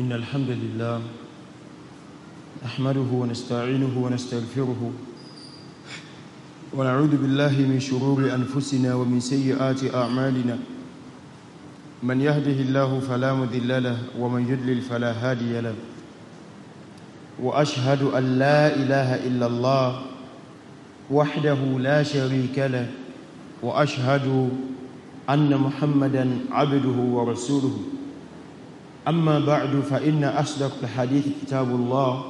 إن الحمد لله نحمده ونستعينه ونستغفره ونعوذ بالله من شرور أنفسنا ومن سيئات أعمالنا من يهده الله فلا مذل له ومن يضلل فلا هادي له وأشهد أن لا إله إلا الله وحده لا شريك له وأشهد أن محمدا عبده ورسوله أما بعد فإن أصدق الحديث كتاب الله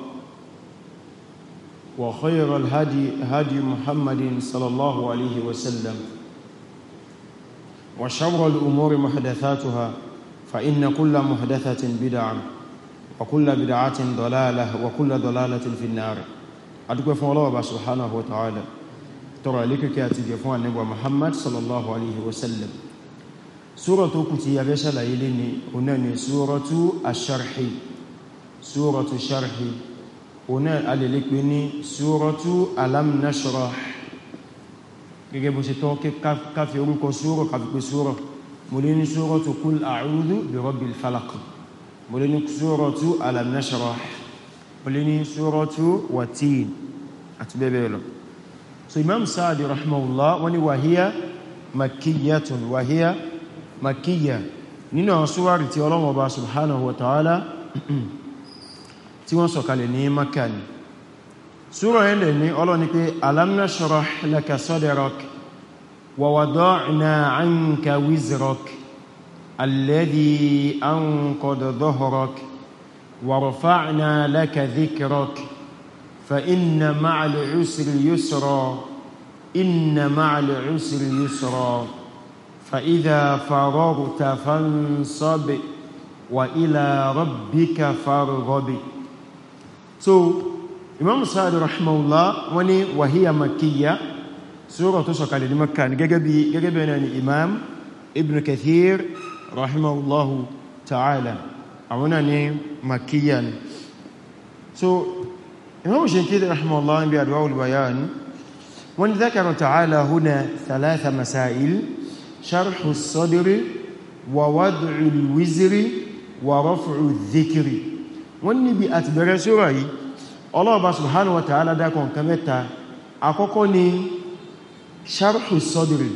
وخير الهدي هدي محمد صلى الله عليه وسلم وشر الأمور محدثاتها فإن كل محدثة بدعة وكل بدعة ضلالة وكل ضلالة في النار أدوك فالله سبحانه وتعالى ترى لك كاتب يفوان نبوة محمد صلى الله عليه وسلم súrọ̀ tó kù ti abẹ́ ṣàlàyé lé ní ọ̀nà ni súrọ̀tú àṣàrhì súrọ̀tú ṣàrhì ọ̀nà alèlépé ní súrọ̀tú alamnashra gẹ́gẹ́ bó ṣe tọ́ káfí orúkọ súrọ̀ káfípé súrọ̀ mo lé ní súrọ̀tú kul a'udhu bi rabbil falaq makkiyatun wahiya makíyà nínú àwọn súwárì tí ọlọ́wọ́ bá subhanahu wa ta'ala tí wọ́n sọ̀kalẹ̀ ní makà ní súrọ̀ ilẹ̀ ní ọlọ́ni pé alam nashrah laka sadrak wa wada'na 'anka wizrak alladhi anqada dhahrak wa rafa'na laka dhikrak fa inna ma'al usri yusra inna ma'al usri yusra فإذا فرغت فانصب وإلى ربك فارغب so Imam Sa'd rahimahullah wọ́n ní wahiya makiyya sura tó sọ̀kalẹ̀ ní Makkah ní gẹ́gẹ́ bí gẹ́gẹ́ bí ní Imam Ibn Kathir rahimahullahu ta'ala àwọn ní makiyya ni so Imam Shankiti rahimahullah bí Adwa'ul Bayan wọ́n dhakara ta'ala huna thalatha masail sharhu sadiri wa wadu'ul wiziri wa rafu'u dhikiri wọ́n níbi àti bẹ̀rẹ̀ sura yìí ọlọ́ọ̀bá subhanahu wa ta'ala dákan kan mẹ́ta àkọ́kọ́ ni sharhu sadiri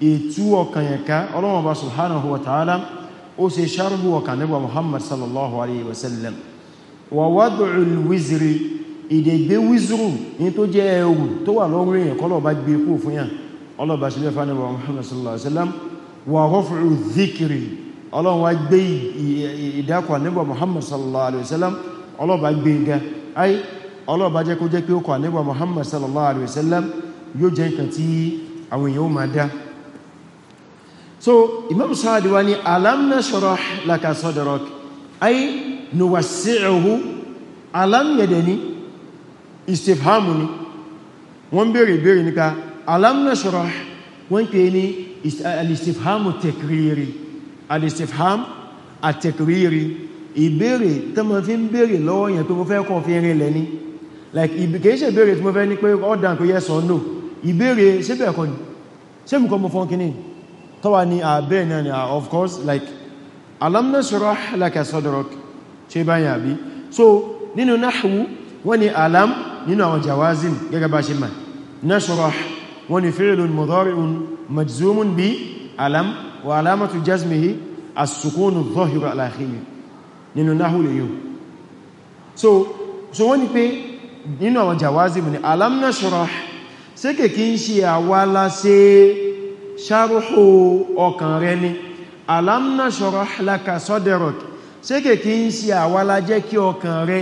ètú ọkànyẹ̀ká ọlọ́ọ̀bá subhanahu wa ta'ala ó ṣe sharhu ọkàn nígbà muhammad sallallahu alaihi wasallam wa wadu'ul wiziri ìdègbé wizuru ní tó jẹ́ ẹrù tó wà lọ́rùn èèyàn kọ́lọ̀ bá gbé kú fún yàn ọlọ́ba ṣe lẹ́fà ní Muhammad sallallahu alaihi wasallam wà rọ́fùrù zikiri ọlọ́run wá gbé ìdákọ̀ nígbà Muhammad sallallahu alaihi wasallam ọlọ́ba gbé ga ay ọlọ́ba jẹ́ kó jẹ́ pé ó kọ̀ nígbà Muhammad sallallahu alaihi wasallam yóò jẹ́ nǹkan tí àwọn èèyàn ó máa dá so imam Sa'di wa ni alam nashrah laka sadrak ay nuwassi'uhu alam yadani istifhamu wọ́n béèrè béèrè nípa alam nashrah wọ́n pè ní alistifhamu tekriri alistifham atekriri ìbéèrè tó mọ́ fi ń béèrè lọ́wọ́ yẹn tó mọ́ fẹ́ fi rin lẹ́ ní like kìí ṣe ìbéèrè tó mọ́ fẹ́ ní pé ọ̀dàn yes or no ìbéèrè ṣébẹ̀ kọ́ ni ṣé mú kọ́ mọ́ fún kíní tọ́wà ní àbẹ́ ah, náà ni ah, of course like alam nashrah laka sadrak ṣe báyìí àbí so nínú nahwu wọ́n ni alam nínú àwọn jawazim gẹ́gẹ́ bá ṣe mọ̀ nashrah wọ́n ni fi'lun mudari'un majzumun bi alam wa alamatu jazmihi as nínú náhù lè yóò so so wọ́n ni pé nínú àwọn jawazim ni alam nashrah ṣé kèkí ń ṣe àwálá ṣe ṣárúhù ọkàn rẹ ni alam nashrah laka sadrak ṣé kèkí ń ṣe àwálá jẹ́ kí ọkàn rẹ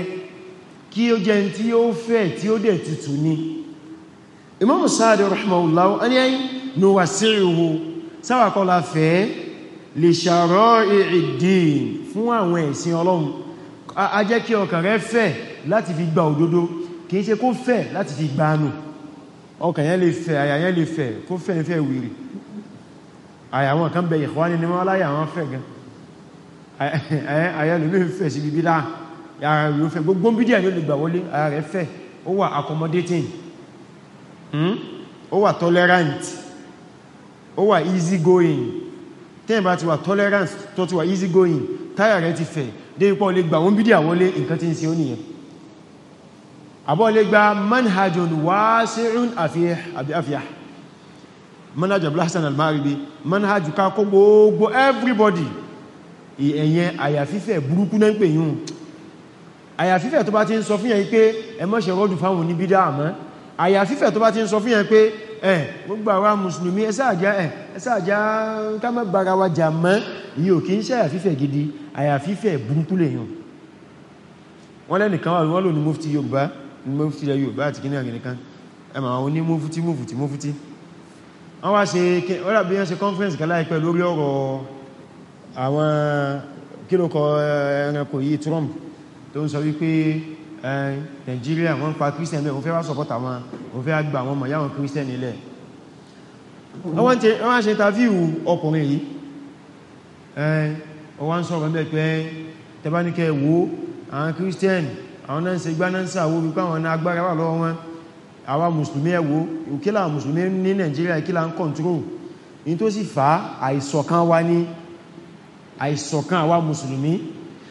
kí ó jẹ́ tí ó fẹ̀ tí ó dẹ̀ tutù ni imam sáàdì rahimahullahu a ní ayi ní wà síríhù sáwàkọ́lá fẹ́ lè ṣàrọ́ ìdín fún àwọn ẹ̀sìn ọlọ́run a jẹ́ kí ọkàn rẹ fẹ́ láti fi gba òdodo kìí ṣe kó fẹ́ láti fi gbanù ọkàn yẹn lè fẹ́ àyà yẹn lè fẹ́ kó fẹ́ ń fẹ́ wìrì àyà wọn kan bẹ ìkwáni ní wọ́n Hmm? ó wà tolerant ó wà easy going tẹ́yìn bá ti wà tolerant tó ti wà easy going táyà rẹ̀ ti fẹ̀ déwípọ̀ lè gbà wọ́n bídí àwọlé nǹkan tí ń ṣe ó nìyẹn àbọ́ lè gba manhajun wasi'un afiyah manhaj abúlhassan al-maribi manhaj ká kó gbogbo everybody ẹ̀yẹn àyàfífẹ́ burúkú náà ń pè yíò àyàfífẹ́ tó bá ti ń sọ fíyàn pé àyàfífẹ̀ tó bá ti ń sọ fún yẹn pé ẹ̀ gbogbo àwa mùsùlùmí ẹsàájá kámọ́ gbára wa jà mọ́ yíò kí ń ṣe àyàfífẹ̀ gidi àyàfífẹ̀ burúkú lè yàn wọ́n lẹ́nìkan wà wọ́n lò ní mufti Yorùbá ní mufti ilẹ̀ Yorùbá àti kíní àgìnìkan ẹmà àwọn oní mufti mufti mufti wọ́n wá ṣe ọ́rà bí wọ́n ṣe conference kan láìpẹ́ lórí ọ̀rọ̀ àwọn kílòkọ ẹranko yìí Trump tó ń sọ Nàìjíríà wọ́n ń pa Christian bẹ́ẹ̀ wọ́n fẹ́ wá support àwọn wọ́n fẹ́ gba àwọn ọmọ ìyá wọn Christian nílẹ̀ wọ́n wá ṣe interview ọkùnrin yìí ó wá ń sọ̀rọ̀ ń bẹ̀ pé tẹbánikẹ́ wo àwọn Christian àwọn náà ń ṣe gbánáńsà wo wípé àwọn agbára wà lọ́wọ́ wọn àwa mùsùlùmí ẹ̀wò ìkílà mùsùlùmí ní Nàìjíríà ìkílà ń control in tó sì fa àìṣọ̀kan wa ní àìṣọ̀kan àwa mùsùlùmí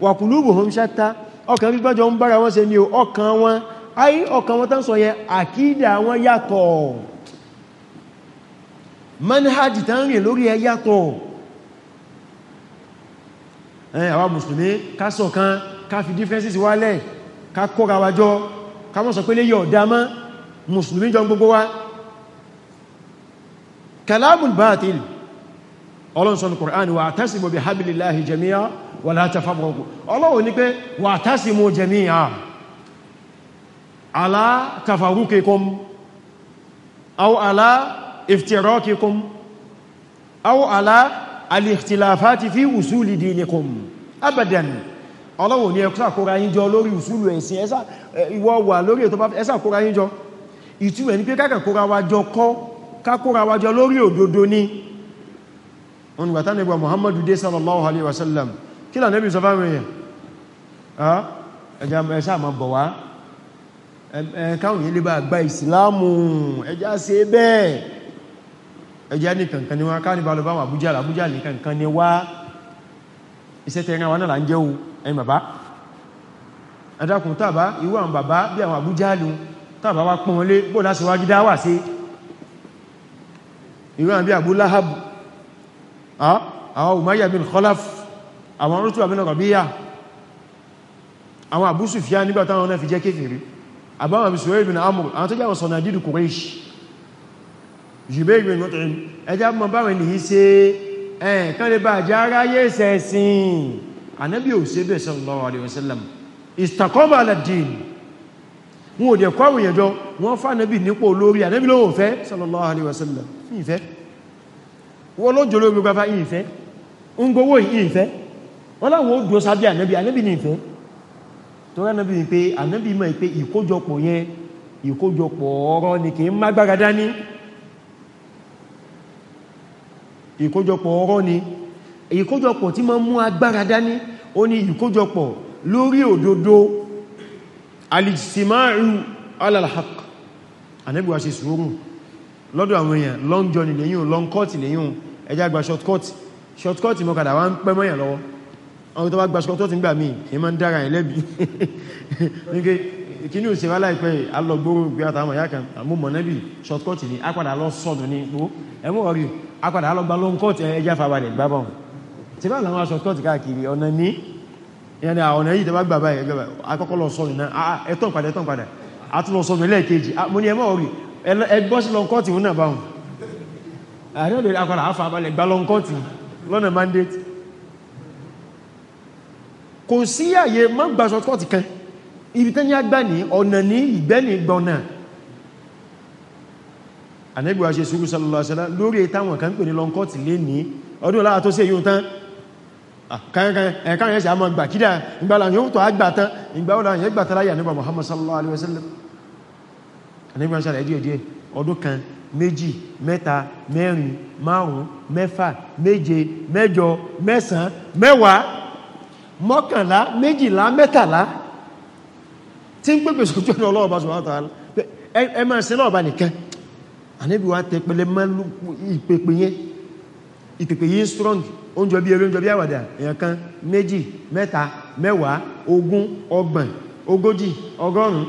wa qulubuhum shatta ọkàn gbígbọ́jọ ń bára wọn ṣe ní ọkàn wọn ayé ọkàn wọn tán sọ yẹ àkídà wọn yàtọ̀ manhajì tán rìn lórí ẹ yàtọ̀ àwọn mùsùlùmí ká ṣọ̀kan ká fi differences wálẹ̀ ká kóra wa jọ ká mọ́ sọ pé lè yọ dámá mùsùlùmí jọ gbogbo wa kalamul batil ọlọ́nsọ́nù Qur'an wa atasimu bi hablillahi jami'a wà láti fàbọ̀kù ọlọ́wọ̀ ní pé wà tásí mú jẹmí à alátàfàrúkẹ́kọ́m au alá iftirọ́kẹ́kọ́m au alá alìtìláfàtí fi usúlì dínìkọ́m abadan ọlọ́wọ̀ ní ẹkùsà kóra yín jọ lórí usúlù ẹ̀sìn ìwọ wà lórí ètò bá ẹsà kóra yín jọ ìtú ẹ̀ ní pé kákà kóra wa jọ kọ́ ká kóra kí là nẹ́bí sọ fáwọn èèyàn ẹja ẹ̀ṣà ma bọ̀ wá káwọn yìí lè bá gba ìsìláàmù ẹja ṣe bẹ́ẹ̀ ẹja ní kankan ni wá káwọn ìbálò báwọn àbújá àbújá ní kankan ni wá iṣẹ́ tẹ́ran wa náà là ń jẹ́ o ẹ̀yin bàbá ẹ̀dàkùn tàbá ìwọ àwọn bàbá bí àwọn àbújá lù tàbá wá pọ́n lé bó láṣíwájú dá wà sí ìwọ àwọn bí àbú àwọn Umayya bin Khalaf àwọn rútù àbínà rọ̀bíyà àwọn Abu Sufyan nígbà táwọn náà fi jẹ́ kéfèrí àbáwọn Abu Suhail bin Amr àwọn tó jáwọn sọ̀nà dídù Quraysh Jubayr bin Mut'im ẹjá mọ́ báwọn ní ṣe ẹ̀ẹ̀kan lè bá jẹ́ aráyé sẹ́sìn Ànábì ò ṣe bẹ́ẹ̀ sallallahu alaihi wasallam istaqama ala din wọn ò dẹ̀ kọ́ àwọn èèyàn jọ wọ́n fà Ànábì nípò olórí Ànábì lóhùn fẹ́ sallallahu alaihi wasallam ìfẹ́ wọ́n lójò lórí gbogbo afá ìfẹ́ ń gbowó ìfẹ́ wọ́n láwọn ó dúró sábẹ́ ànábì ànábì ní ìfẹ́ tó rẹ́ ànábì ní pé ànábì mọ̀ pé ìkójọpọ̀ yẹn ìkójọpọ̀ ọ̀rọ̀ ni kì í mágbára dání ìkójọpọ̀ ọ̀rọ̀ ni ìkójọpọ̀ tí ma mú agbára dání ó ní ìkójọpọ̀ lórí òdodo alìsìmáàrù alalhaq long journey lẹ́yìn long cut lẹ́yìn ẹjá short cut short cut mọ́kàdà wá ń pẹ́ mọ́yàn àwọn tó bá gba ṣọ́tọ́ ti ń gbà mí ẹ máa ń dára ẹ̀ lẹ́bi nígbé kíní ò sèrà láìpẹ́ alọ́gbóró gbé àtàwọn ìyá kan àmú mọ̀nẹ́bì shortcut ni apàdà lọ sọ́dún ní ipò ẹ̀mú ọ̀rí apàdà alọ́gba long cut ẹja fàbalẹ̀ gbábọ̀ tí bá làwọn shortcut káàkiri ọ̀nà ní ìyẹn ọ̀nà yìí tẹ́bá gbà báyìí akọ́kọ́ lọ sọ́dún náà ah, ẹ̀tọ́ padà ẹ̀tọ́ padà a tún lọ sọ́dún ah, mo ní ẹ̀mọ́ ọ̀rí ẹgbọ́ sí long cut ìhun náà báwọn àrẹ́lẹ̀ apàdà afàbalẹ̀ gbá long cut lọ́nà mandate kò sí àyè mọ́ gbà ṣọ́tọ́tì kan ibi tẹ́ ní agbá ní ọ̀nà ní ìgbẹ́ni gbọ́nà anẹ́gbẹ̀wà ṣe sùúrù sallallahu alaihi wasallam lórí ìtàwọn kan pè ní lọ́nkọ́tì lé ní ọdún láà tó sí èyí tán ẹ̀kàrẹ̀ ẹ̀ṣẹ̀ àmọ́ gbà kídà ìgbàlà yóò tó àgbà tán ìgbàlà yẹ́ gbà tán láyà nígbà Muhammad sallallahu alaihi wasallam anẹ́gbẹ̀wà ṣe àdíẹ̀ díẹ̀ ọdún kan méjì mẹ́ta mẹ́rin márùn-ún mẹ́fà méje mẹ́jọ mẹ́sàn mẹ́wàá mọ́kànlá méjìlá mẹ́tàlá tí ń pèpè sójú ọ̀nà Ọlọ́run bá sọ̀rọ̀ àtàlá ẹ máa ṣe lọ́ọ̀bá nìkan àníbí wa tẹ pẹlẹ máa lú ìpèpè yẹn ìpèpè yìí strong oúnjẹ bí eré oúnjẹ bí àwàdà èèyàn kan méjì mẹ́ta mẹ́wàá ogún ọgbọ̀n ogójì ọgọ́rùn-ún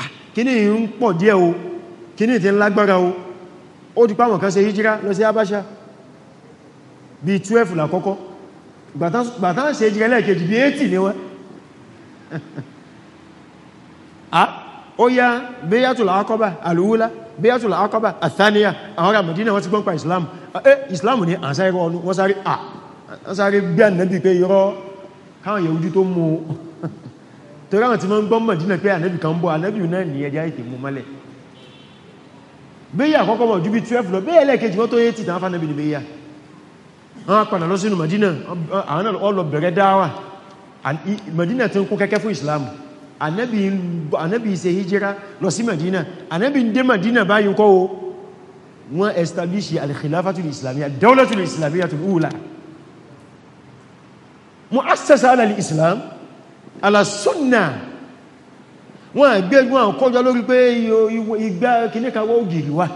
ah, kíní ń pọ̀ díẹ̀ o kíní ti ń lágbára o ó ti pàwọn kan ṣe hijira lọ sí Abáṣà bíi 12 lákọ́kọ́ gbàtán ṣe jíra lẹ́ẹ̀kejì bí 80 ni wọ́n ó yá bíyàtùlá akọ́bà alúwúlá bíyàtùlá akọ́bà àtàníyà àwọn ará Mẹdínà wọ́n ti gbọ́npa islam eh islam ni à ń sáré ọnu wọ́n sáré à ń sáré gbé ànẹ́bì pé irọ́ káwọn yẹ̀wújú tó mú torí àwọn tí wọ́n ń gbọ́ Mẹdínà pé ànẹ́bì kan bọ́ ànẹ́bì náà ní ẹjá ìtì mú mọ́lẹ̀ bíyà àkọ́kọ́ mọ̀ ju bí 12 lọ bíyà ẹlẹ́ẹ̀kejì wọ́n tó 80 tàn fánẹ́bì ni bíyà wọ́n padà lọ sínú Madina àwọn ọlọ bẹ̀rẹ̀ dáwà Madina tí ń kún kẹ́kẹ́ fún Islam Ànábì ṣe hijira lọ sí Madina Ànábì ń dé Madina báyìí kọ́ o wọ́n establish al-khilafatul islamiyya ad-dawlatul islamiyyatul ula mu'assasa ala al-islam ala sunnah wọ́n gbẹ́gbọ́n kọjọ lórí pé ìgbà kìníkàwọ́ ògìrì wa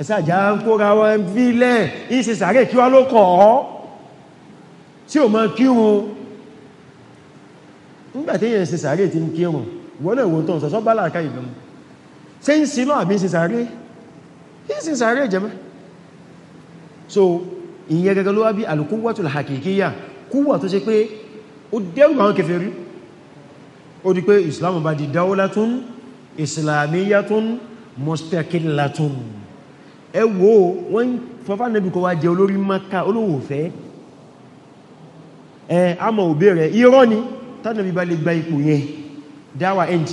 ẹ̀sàjá ń kóra wọn bílẹ̀ ìṣe sàárè kí wá ló kọ̀ ọ́ tí ò mọ́ kírun nígbàtí èyàn ṣe sàárè tí ń kírun wọ́n náà wọ́n tó ń sọ́sọ́ bálá àká ìbẹ̀mù ṣe ń sí náà àbí ṣe sàárè ṣe sàárè jẹ́mẹ́ so ìyẹn gẹ́gẹ́ ló wá bí alùkúwàtul hakikiyya kúwà tó ṣe pé ó dẹ́rù àwọn kèfèrí ó di pé islam bá di dáwọ́látún islamiyatun mustaqillatun ẹ wò ó wọ́n fọ́fà nẹ́bí kọ́ wá jẹ olórí maka olówó fẹ́ ẹ àmọ́ òbí rẹ̀ irọ́ ni tánàbí bá lè gba ipò yẹn dáwà end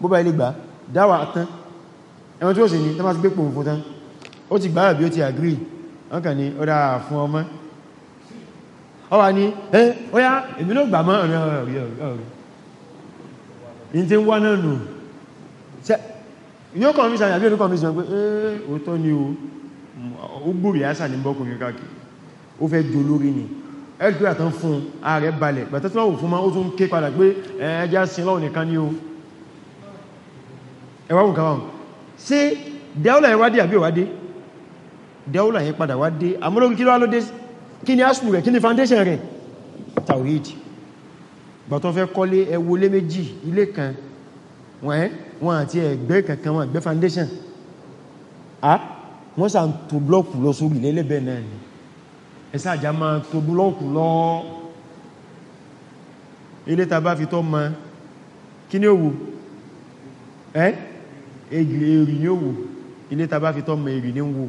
bó bá lè gbà dáwà tán ẹwọ́n tí ó sì ní tán bá ti gbé tán ó ti gbáyà bí ó ti agree wọ́n kàn ní ọdá fún ọmọ ọ wà ní ẹ́ ọya èmi ló gbà mọ́ ọ̀rẹ́ ọ̀rẹ́ ọ̀rẹ́ yóò convince àyàbí ẹ̀lú convince wọn pé ẹ́ eh, òótọ́ ni o ó gbòrì àṣà ní bọ́kùnrin káàkiri ó fẹ́ jò lórí ni ẹgbẹ́ àtàn fún ààrẹ balẹ̀ pẹ̀tẹ́tọ́wò fún ma ó tún ké padà pé eh, ẹjá sin lọ́wọ́ nìkan ni o ẹwàwùn kàwàwùn ṣe dẹ́ọ́là yẹn wádé àbí wádé dẹ́ọ́là yẹn padà wádé àmúlógún kí ló wá lóde kí ni asùn rẹ̀ kí ni foundation rẹ̀ tawhid gbàtọ́ fẹ́ kọ́lé ẹwọlé méjì ilé kan wọ́n àti ẹgbẹ́ kankan wọ́n ẹgbẹ́ foundation ah wọ́n sà ń tó blọ́ọ̀kù lọ sórí lẹ́lẹ́bẹ̀ náà ni ẹsẹ́ àjá máa tó blọ́ọ̀kù lọ ilé ta bá fi tọ́ ma kí ní òwò ẹ́ èrì ní òwò ilé ta bá fi tọ́ ma èrì ní wò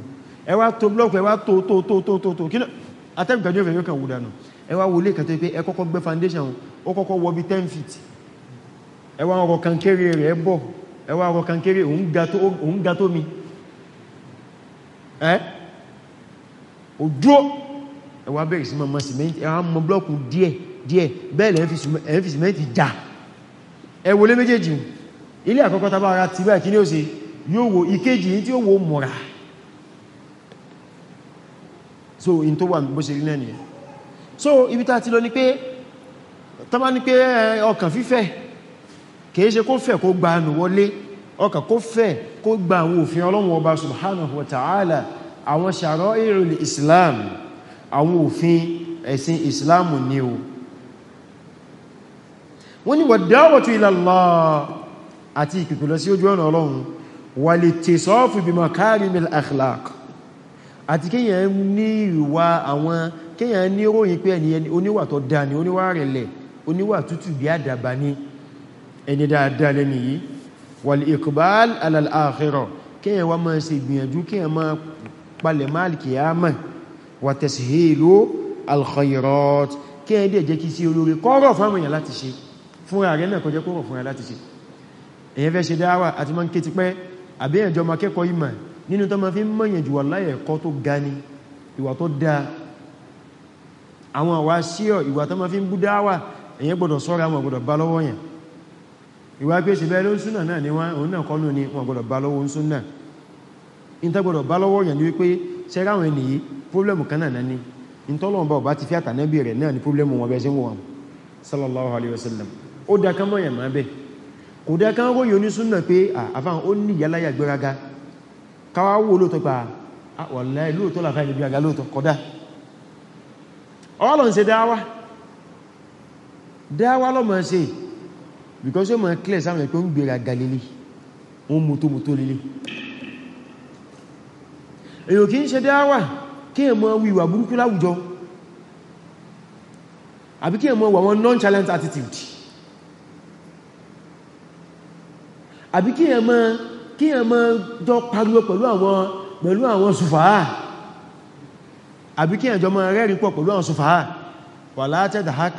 ẹ wá tó blọ́ọ̀kù ẹ wá tó tó tó tó tó tó kí ní atẹ́gbẹ̀gbẹ̀ ẹwà ọkọ̀ kankéré rẹ̀ bọ̀ ẹwà ọkọ̀ kankéré òun ga tó mi ẹ́ òjò ẹwà bẹ̀rẹ̀ sí mọ́ símẹ́ntì ẹwà mọ́ blọ́ọ̀kù díẹ̀ díẹ̀ bẹ́ẹ̀lẹ̀ ẹ̀ fi símẹ́ntì já ẹ wọlé méjèèjì ilé àkọ́kọ́ tàbá ara ti báyìí kí ní ó ṣe yóò wo ìkéjì tí ó wo mọ̀ra so in tó wà bó ṣe rí náà nìyẹn so ibi tá ti lọ ni pé tàbá ni pé ọkàn fífẹ́ kìí ṣe kó fẹ́ kó gba ànù wọlé ọkà kó fẹ́ kó gba àwọn òfin ọlọ́run ọba subhanahu wa ta'ala àwọn sharairul islam àwọn òfin ẹ̀sìn islam ni o wọ́n ni wad-da'watu ila Allah àti ìpìpìlọ sí ojú ọ̀nà ọlọ́run wal-ittisafu bi makarimil akhlaq àti kíyàn ní ìwà ẹni dáadáa lẹ́ni yìí wal iqbal ala al-akhirah kíyàn wá máa ṣe ìgbìyànjú kíyàn máa palẹ̀ máàlì kìyàmà wà tashilu al-khayrat kíyàn dẹ̀ jẹ́ kí sí olórí kọ́rọ̀ fún àwọn èèyàn láti ṣe fún ààrẹ náà kọjẹ́ kọ́rọ̀ fún ààrẹ láti ṣe èyàn fẹ́ ṣe dáwà àti máa ń ké ti pẹ́ àbí ẹ̀jọ ma kẹ́kọ̀ọ́ ìwà tó ma fi ń bú dáwà èyàn gbọ́dọ̀ sọ́ra àwọn gbọ́dọ̀ bá lọ́wọ́ yẹn ìwà pé ṣe bẹ́ẹ̀ ló súnà náà ni wọ́n òun náà kọ́ ló ní wọn gbọ́dọ̀ bá lọ́wọ́ súnà ìta gbọ́dọ̀ bá lọ́wọ́ yẹn ni wípé ṣe ráwọn ẹni yìí pọ́blẹ́mù kan náà ní ìtọ́lọ́wọ́n bá ọba ti fi àtànẹ́bì rẹ̀ náà ni pọ́blẹ́mù wọn bẹ́ẹ̀ sí wọn sallallahu alayhi wa sallam ó dá kán mọ́yàn máa bẹ́ kò dá kán ròyìn oní súnà pé àfáàn ó ní ìyáláyà gbéraga káwá wò lóòótọ́ pa wàláì lóòótọ́ làfáà ní gbéraga lóòótọ́ kọ́dá ọlọ́n ṣe dáwà dáwà lọ́mọ ṣe because yóò mọ̀ clear sáwọn ẹ̀pẹ́ ń gbèrà galilé wọ́n mú tó mú tó lélé èyò kí ń ṣe dáwà kí è mọ́ wíwà burúkú láwùjọ àbí kí è mọ́ wà wọn nonchalant attitude àbí kí è mọ́ kí è mọ́ jọ pariwo pẹ̀lú àwọn pẹ̀lú àwọn sùfàá àbí kí ẹjọ́ mọ́ rẹ́rin pọ̀ pẹ̀lú àwọn sùfàá wà látẹ́dàhák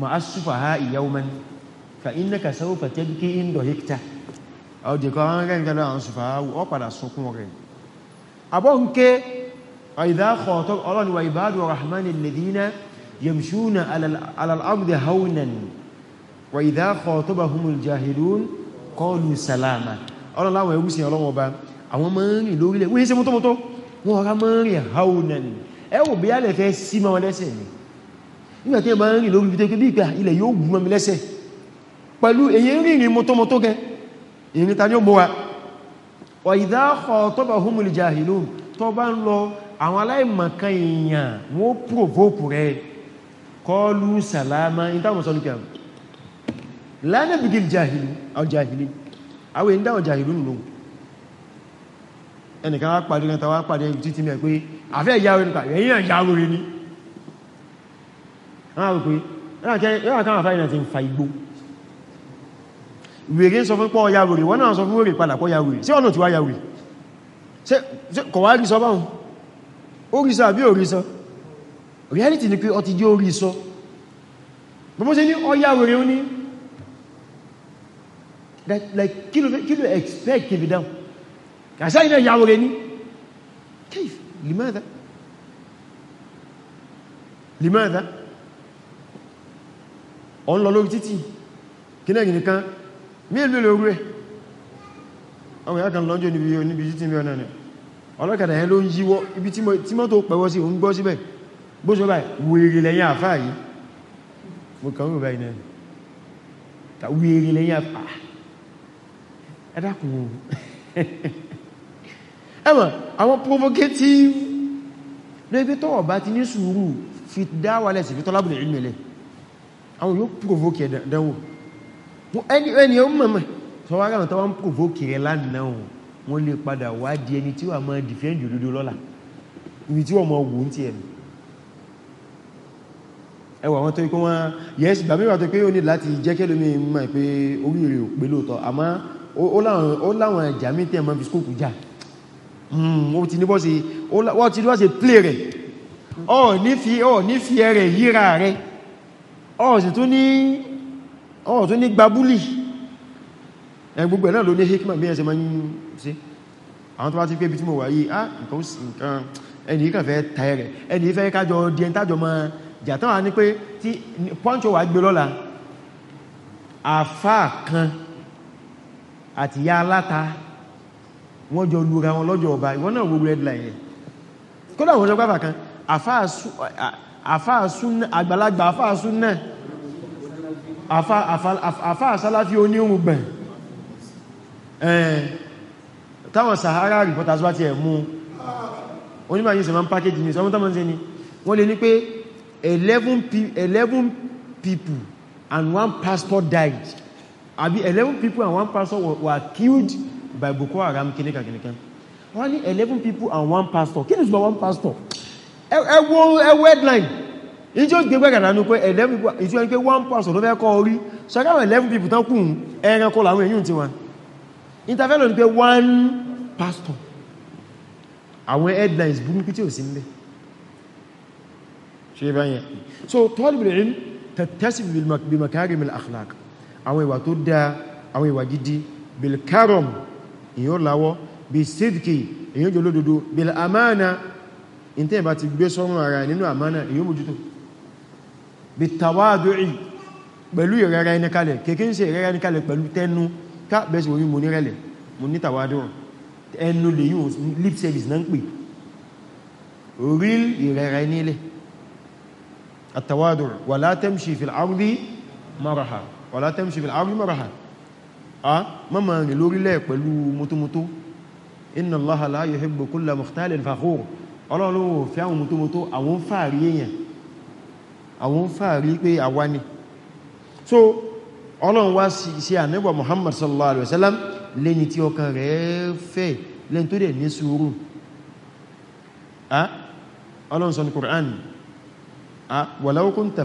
ma á sùfàá yawman fa innaka sawfa tabki in dahikta aw de ko an ren gelo an sufa o padà sunkún rẹ̀ abo nke wa idha khatab Ọlọ́run wa ibadu rahmani alladhina yamshuna ala al-ardi hawnan wa idha khatabahumul jahilun qalu salama Ọlọ́run lawo ewu sin Ọlọ́run ọba àwọn ma rìn lórí le we se moto moto wọ́n ra ma rìn hawnan ẹ ma wọn lẹ́sẹ̀ ni nígbà ẹ bá lórí bi te ke bi gba yóò gùn mọ́ mi lẹ́sẹ̀ pẹ̀lú èyí rìnrìn mọ́tọ́mọ́tọ́ gẹn ìrìn tàbí ọmọ wa wa idha khatabahumul jahilun tó bá ń lọ àwọn aláìmọ̀kan èèyàn wọ́n provoke rẹ̀ qalu salama ìdáwọn sọ nípa la nabghil jahilin àwọn ìdáwọn jahilu nù ẹnìkan wá pàdé rẹ̀ tàwà pàdé títí mẹ́ pé àfẹ́ ìyàwó nípa ẹ̀yìn ìyàwó rẹ̀ ni wèrè sọ fún pọ́ yàwèrè wọ́n náà sọ fún wèrè padà pọ́ yàwèrè sí ọ̀nà tí wá yàwèrè kọ̀wà rí sọ báhùn orísọ àbí orísọ reality ni pé ọ ti jẹ́ orísọ bọ́bọ́ sí ní ọ yàwèrè ó ní like kí ló expect kìbì dáhùn kàṣá iná yàwèrè ní kéf limadha limadha ọ ń lọ lórí títì kí náà nìkan mélòó lóru ẹ̀ àwọn ìyá kan lọ́jọ́ níbi oníbi títí mẹ́ ọ̀nà ni ọlọ́kadà yẹn ló ń yíwọ́ ibi tí mọ́tò pẹ̀wọ́ sí òun gbọ́ síbẹ̀ bó ṣe báyìí wèrè lẹ́yìn àfáà yìí mo kàn rò báyìí náà ta wèrè lẹ́yìn àfáà ah! ẹ dákun ẹmọ̀ àwọn provocative lóbi tó ọ̀bá ti ní sùúrù fi dáwàlẹ̀ sí fi tọ́lábùlẹ̀ ìlú ẹ̀lẹ̀ àwọn yóò provoke ẹ̀dánwò ẹni ẹni ó mọ̀mọ̀ tọwárá àwọn tọwọ́n provoke rẹ lánàá wọ́n lè padà wá di ẹni tí wà máa defend òdodo lọ́la ibi tí wọ́n mọ̀ wò ń ti ẹ̀mí ẹwà wọn tó ikú wọn yẹ́sì bàbí wà tó pé ó ní láti jẹ́ kẹ́lómi mọ̀ pé oríire ò pé lóòtọ́ àmọ́ ó láwọn ẹ̀jà mí tẹ́ mọ́ fi skóòpù jà hmm, ó ti ní bọ́sí wọ́n ti lọ́sẹ̀ plé rẹ̀ ọ̀ ní fi ẹ̀rẹ̀ yíra rẹ̀ ọ̀ sì tún ní ọ̀ tún ní gbabúlì ẹgbogbo ẹ̀ náà ló ní hikima bí ẹsẹ̀ ma ń ṣe àwọn tó bá ti pé bí tí mo wà yìí á ah, nǹkan nǹkan ẹni ìkàn fẹ́ tàí rẹ̀ ẹni ìfẹ́ kájọ di ẹni tájọ ma jàtọ́ wà ní pé tí pọ́ǹchọ wà gbé lọ́la àfá kan àti ya aláta wọ́n jọ lura wọn lọ́jọ́ ọba ìwọ́n náà wo red line yẹn kódà wọ́n jọ gbáfà kan àfá àgbàlagbà àfá àsún náà àfá àsálàfí onírùgbọ̀n táwọn Sahara reporters bá ti ẹ̀ mú onímọ̀ yìí sẹ̀mọ́ package ní sọmọ́ tọ́mọ́ sí ni wọ́n lè ní pé 11 people and one pastor died àbí 11 people and one pastor were, killed by Boko Haram kìnníkà kìnníkà wọ́n ní 11 people and one pastor kí ni ṣùgbọ́n one pastor ẹwọ́ headline ìjọ gbé gbẹ́gà nánú pé 11 people ìjọ ẹni pé 1 person people tán kùn ẹran kọ́ làwọn èyí tí wọn interfẹ́lò ní pé 1 pastor àwọn headlines burúkú tí ò sí nílẹ̀ ṣe báyẹn so talibul ilm tattasibu bi makarim al-akhlaq àwọn ìwà tó dáa àwọn ìwà gidi bil karam èyàn láwọ́ bi sidki èyàn jọ lódodo bil amana ìtẹ́ ìbá ti gbé sọ́run ara nínú amana èyàn mójútó bí tàwádùí pẹ̀lú ìrẹ́rẹ́ ẹni kalẹ̀ kèkí ń ṣe ìrẹ́rẹ́ ẹni kalẹ̀ pẹ̀lú tẹnu ká bẹ́sì orí mo ní rẹ̀lẹ̀ mo ní tàwádùn ẹnu lè yíò lip service náà ń pè orí ìrẹ́rẹ́ nílẹ̀ àtàwádùn wà látẹ́mṣì fil ardi maraha wà látẹ́mṣì fil ardi maraha àwọn ń fàárí pé àwa ni so ọlọ́run wá sí ànẹ́bà Muhammad sallallahu alaihi wasallam lẹ́ni tí ọkàn rẹ̀ fẹ́ lẹ́ni tó dẹ̀ ní sùúrù ọlọ́run sọ ní Qur'an walau kunta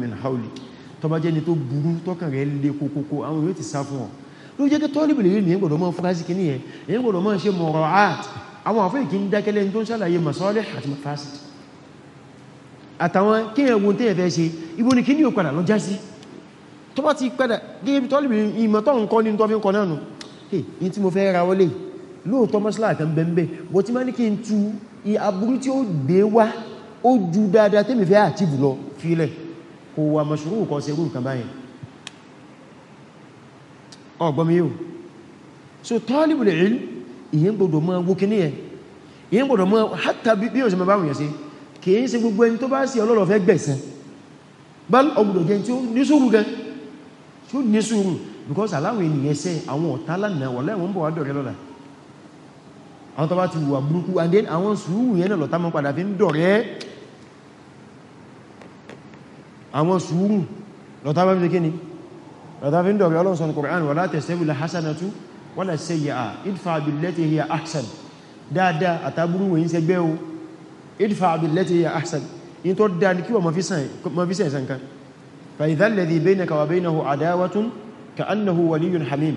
min hawlik tó bá jẹ́ ni tó burú tọ́kàn rẹ̀ lè kókókó àwọn yóò ti sá fún ọ ló jẹ́ kí tọ́lìbì lè rí ní ẹgbọ̀dọ̀ mọ́ fúrásí kì ní ẹ̀ ẹgbọ̀dọ̀ mọ́ ṣe mọ̀rọ̀ art àwọn àfẹ́ ìkí dákẹ́lẹ́ tó ń ṣàlàyé masalih àti mafasid àtàwọn kíyànwó tí ẹ̀fẹ́ ṣe ibo ni kí ní òpadà lọ já sí tó bá ti padà gẹ́gẹ́ tọ́lùmí ìmọ̀ tó ń kọ́ ní tó fi ń kọ náà nù ní tí mo fẹ́ ra wọlé lóòtọ́ mọ́sílá àtàn bẹ̀m̀bẹ̀ bó ti má ní kí n tú aburú so tọ́lùmí ìyẹn gbọ́dọ̀ mọ́ wókíní yẹn ìyẹn gbọ́dọ̀ mọ́ hátà bí yóò ṣe báwọn yẹn sí kìí ṣe gbogbo ẹni tó bá sí ọlọ́rọ̀ fẹ́ gbẹ̀sẹ̀ bá ọgbùdọ̀ jẹ́ tí ó ní sùúrù gan tí ó ní sùúrù because aláwọ̀ ènìyàn ṣẹ́ àwọn ọ̀tá lánàá wọ̀ lẹ́wọ̀n bọ̀ wádọ̀rẹ́ lọ́la àwọn tó bá ti wà burúkú and then àwọn sùúrù yẹn náà lọ̀tá mọ́ padà fi ń dọ̀rẹ́ àwọn sùúrù lọ̀tá mọ́ fi kíni lọ̀tá fi ń dọ̀rẹ́ Ọlọ́run sọ ní Qur'an wala tastawil hasanatu wala sayyi'a idfa billati hiya ahsan dáadáa àtàbúrú wọ̀nyí sẹgbẹ́ o idfa billati hiya ahsan in tó dá ní kí wọ́n mọ́ fi sẹ́yìn sankan fa idha alladhi baynaka wa baynahu adawatun ka annahu waliyyun hamim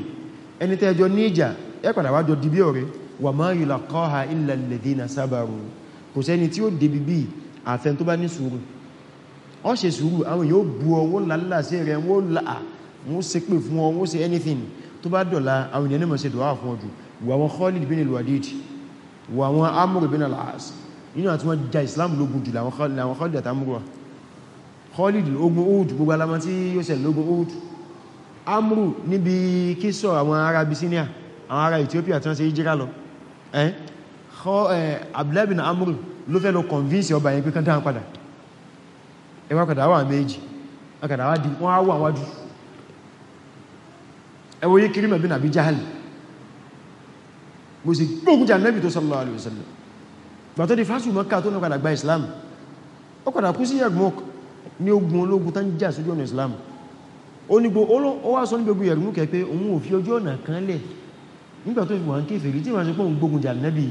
ẹni tẹ́jọ níjà ẹ́kọ̀dà wájọ dìbí ọ̀rẹ́ wa ma yulaqaha illa alladhina sabaru kò sẹ́ni tí ó dìbí bí àfẹ́ tó bá ní sùúrù ó ṣe sùúrù àwọn yóò bu ọwọ́ lálàsí rẹ̀ wọ́n láà wọ́n ṣe pè fún Khalid bin al-Walid wà wọn bin al-As nínú àti wọ́n ja islam lógun jù láwọn khalid àtàmúrùwà khalid ogun old gbogbo alamọ́ tí yóò ṣẹlẹ̀ lógun old amru níbi kíso àwọn ará bisinia àwọn ará ethiopia tí wọ́n ṣe ìjírá lọ abdullabin amru ló fẹ́ lọ convince ọba yẹn pé kán dáhùn padà ẹwà kàdà wà méjì akàdà wà di wọ́n á wà wájú ẹwọ́ yí kiri mẹ́bí nàbí jahali mo sì gbógun jà nẹ́bì tó sallallahu alaihi wasallam gbàtọ́ di fásitì mọ́ká tó ní padà gba islam ó padà kú sí yarmouk ní ogun ológun tán jà sójú ọ̀nà islam ó ní gbogbo ó wá sọ ní gbogbo yarmouk ẹ pé òun ò fi ojú ọ̀nà kan lẹ̀ nígbà tó fi wọ́n kéfèrí tí ma ṣe pé òun gbógun jà nábì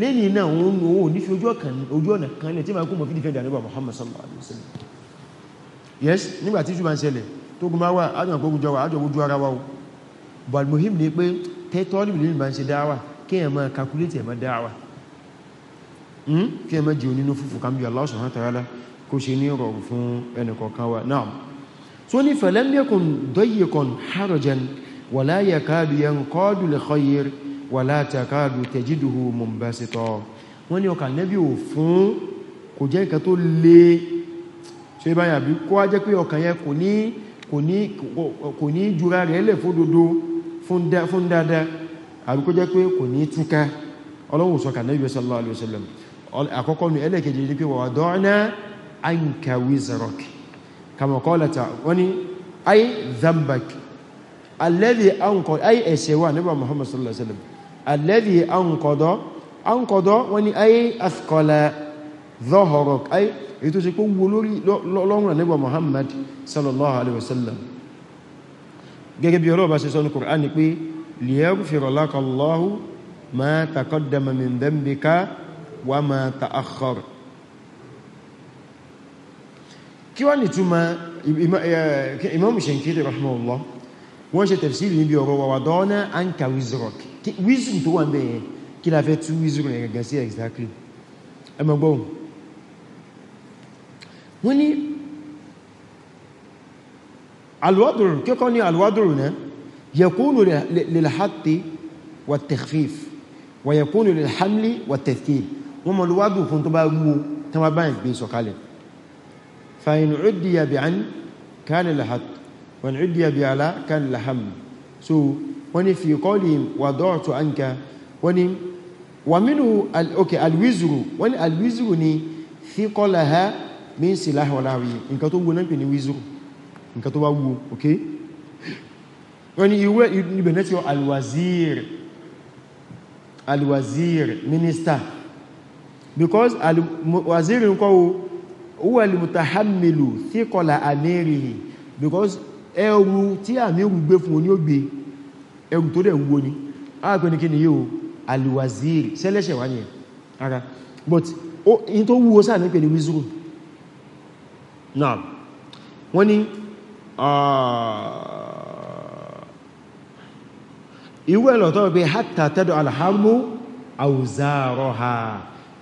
lẹ́yìn náà òun ò ní fi ojú ọ̀nà kan lẹ̀ tí ma kó mọ̀ fi dìfẹ́ dà nígbà Muhammad sallallahu alaihi wasallam yes nígbà tí ṣùgbọ́n ṣẹlẹ̀ tó gun bá wà ájọ̀ gbógun jọ wà ájọ̀ gbójú ara wa o but muhim ni pé tẹ́tọ́lù nílùú ma ń ṣe dáwà kéèyàn máa calculate ẹ̀ máa dáwà Hmm? kí ẹ mẹ́jì onínú fúfù kàmbí Allah subhanahu wa ta'ala kó ṣe ní rọrùn fún ẹnìkọ̀ọ̀kan wa náà tó ní falam yakun dayyiqan harajan wala yakadu yanqadu li khayr wala takadu tajiduhu munbasita wọ́n ní ọkà nẹ́bí yẹn kò ní kò ní jura rẹ̀ ọlọ́wọ́ sọ kà nẹ́bí sallallahu alaihi wasallam àkọ́kọ́ ní ẹlẹ́kẹ̀ẹ́jì ní pé wa wada'na anka wizrak kama qala wani ay dhanbak alladhi anqada ay ẹ̀ṣẹ̀ wa níbà Muhammad sallallahu alaihi wasallam alladhi anqada anqada wani ay athqala dhahrak ay ètò sí pé wo lórí lọ́rùn níbà Muhammad sallallahu alaihi wasallam gẹ́gẹ́ bí ọlọ́ọ̀bá ṣe sọ ní Qur'an ni pé liyaghfira laka Allahu ma taqaddama min dhanbika وما تأخر كيوان لتما إمام شنكيري رحمه الله وانش تفسير لنبي أروا ودونا أنك وزرك ويزر توان بيه كلا فتو ويزر لنقاسي exactly أما بوم وني الوضر كيقوني الوضر يكون للحط والتخفيف ويكون للحمل والتثقيل wọ́n mọ̀ lọ́wọ́dù fún tó bá wúwo tó bá báyìí gbé sọ̀kalẹ̀ fàyìn ọdíyà bí án kánì lahat wọn ọdíyà bí so wọ́n ni fi kọ́lì wà dọ́ọ̀tù anka wọ́n ni wà mínú ok alwizuru wọ́n ni alwizuru ni fi kọ́lá ha min sí láhọ̀láwì nǹkan tó wúwo náà pè ní wizuru nǹkan tó bá wúwo ok wọ́n ni ìwé ìbẹ̀nẹ́tì alwazir alwazir minister because waziri nǹkan o huwa al-mutahammilu thiqala amirihi because ẹrù tí àmìrù gbé fún oní ògbé ẹrù to dẹ̀ ń wo ni a pẹ̀lú kí ni yíò alwaziri sẹ́lẹ̀ṣẹ̀ wá ní ẹ̀ ara but in tó wúwo sáà ní pẹ̀lú ah, wizuru náà wọ́n ni ìwé ẹ̀lọ́tọ́ pé hatta tadu alhammu awzaraha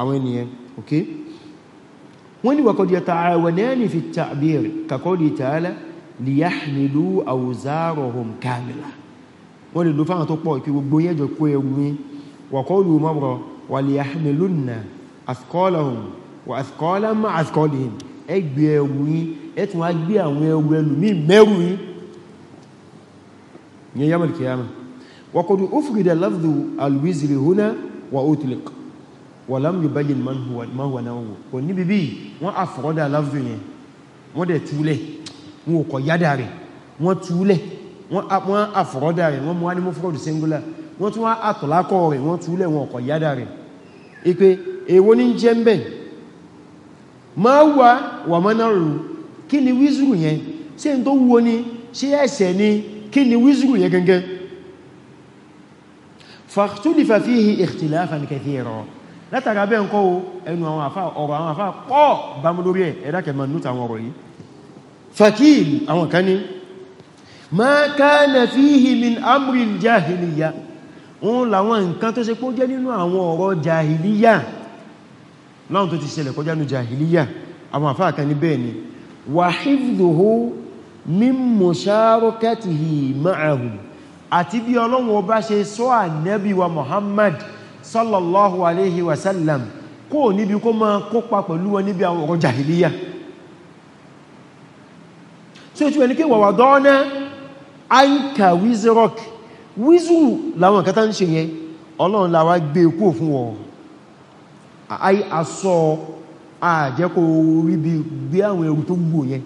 àwọn ènìyàn ok wọ́n ni wàkọ̀dì ta'awanani fi ta'bir kàkọ́dì ta'ala liyahmilu awzarahum kamila wọ́n lè lò fáwọn tó pọ̀ kí gbogbo yẹn jọ kó ẹrù yín wàkọ́lù mọ́rọ̀ wà liyahmilunna huna wa utliq wọ̀lám yubayin mahuwa náà o ní bíbí wọ́n àfọ́dá láfíò yẹn wọ́n dẹ̀ túlẹ̀ wọ́n ò kọ̀ yádà rẹ̀ wọ́n túlẹ̀ wọ́n àfọ́dá rẹ̀ wọ́n mú wá ní mọ́fọ́dù singular wọ́n tún wá àtọ̀lákọ̀ rẹ̀ wọ́n túlẹ̀ wọ́n ò kọ̀ yádà rẹ̀ ipé èwo ní jẹ́ mbẹ̀ mahuwa wà mọ́nàrù kí ni wízùrù yẹn ṣe ń tó wo ni látara bẹ́ẹ̀ ńkọ́ o ẹnu àwọn àfá ọ̀rọ̀ àwọn àfá pọ̀ bámú lórí ẹ̀ ẹ̀dákẹ̀mọ̀ nútà àwọn ọ̀rọ̀ yìí fakil àwọn kan ní ma kana fihi min amril jahiliya òun làwọn nǹkan tó ṣe pó jẹ́ nínú àwọn ọ̀rọ̀ jahiliya láwọn tó ti ṣẹlẹ̀ kọjá nínú jahiliya àwọn àfá kan ní bẹ́ẹ̀ ni wa hifdhuhu min musharakatihi ma'ahum àti bí Ọlọ́run ọba ṣe sọ ànábì wa Muhammad sallallahu alaihi wasallam kó níbi kó máa kópa pẹ̀lú wọn níbi àwọn ọ̀rọ̀ jahiliya so ìtù ẹni kí wà wada'na anka wizrok wizru láwọn kẹta ń ṣe yẹn ọlọ́run láwá gbé kó fún wọn àì asọ àjẹ́kò orí bí gbé àwọn ẹrù tó gbò yẹn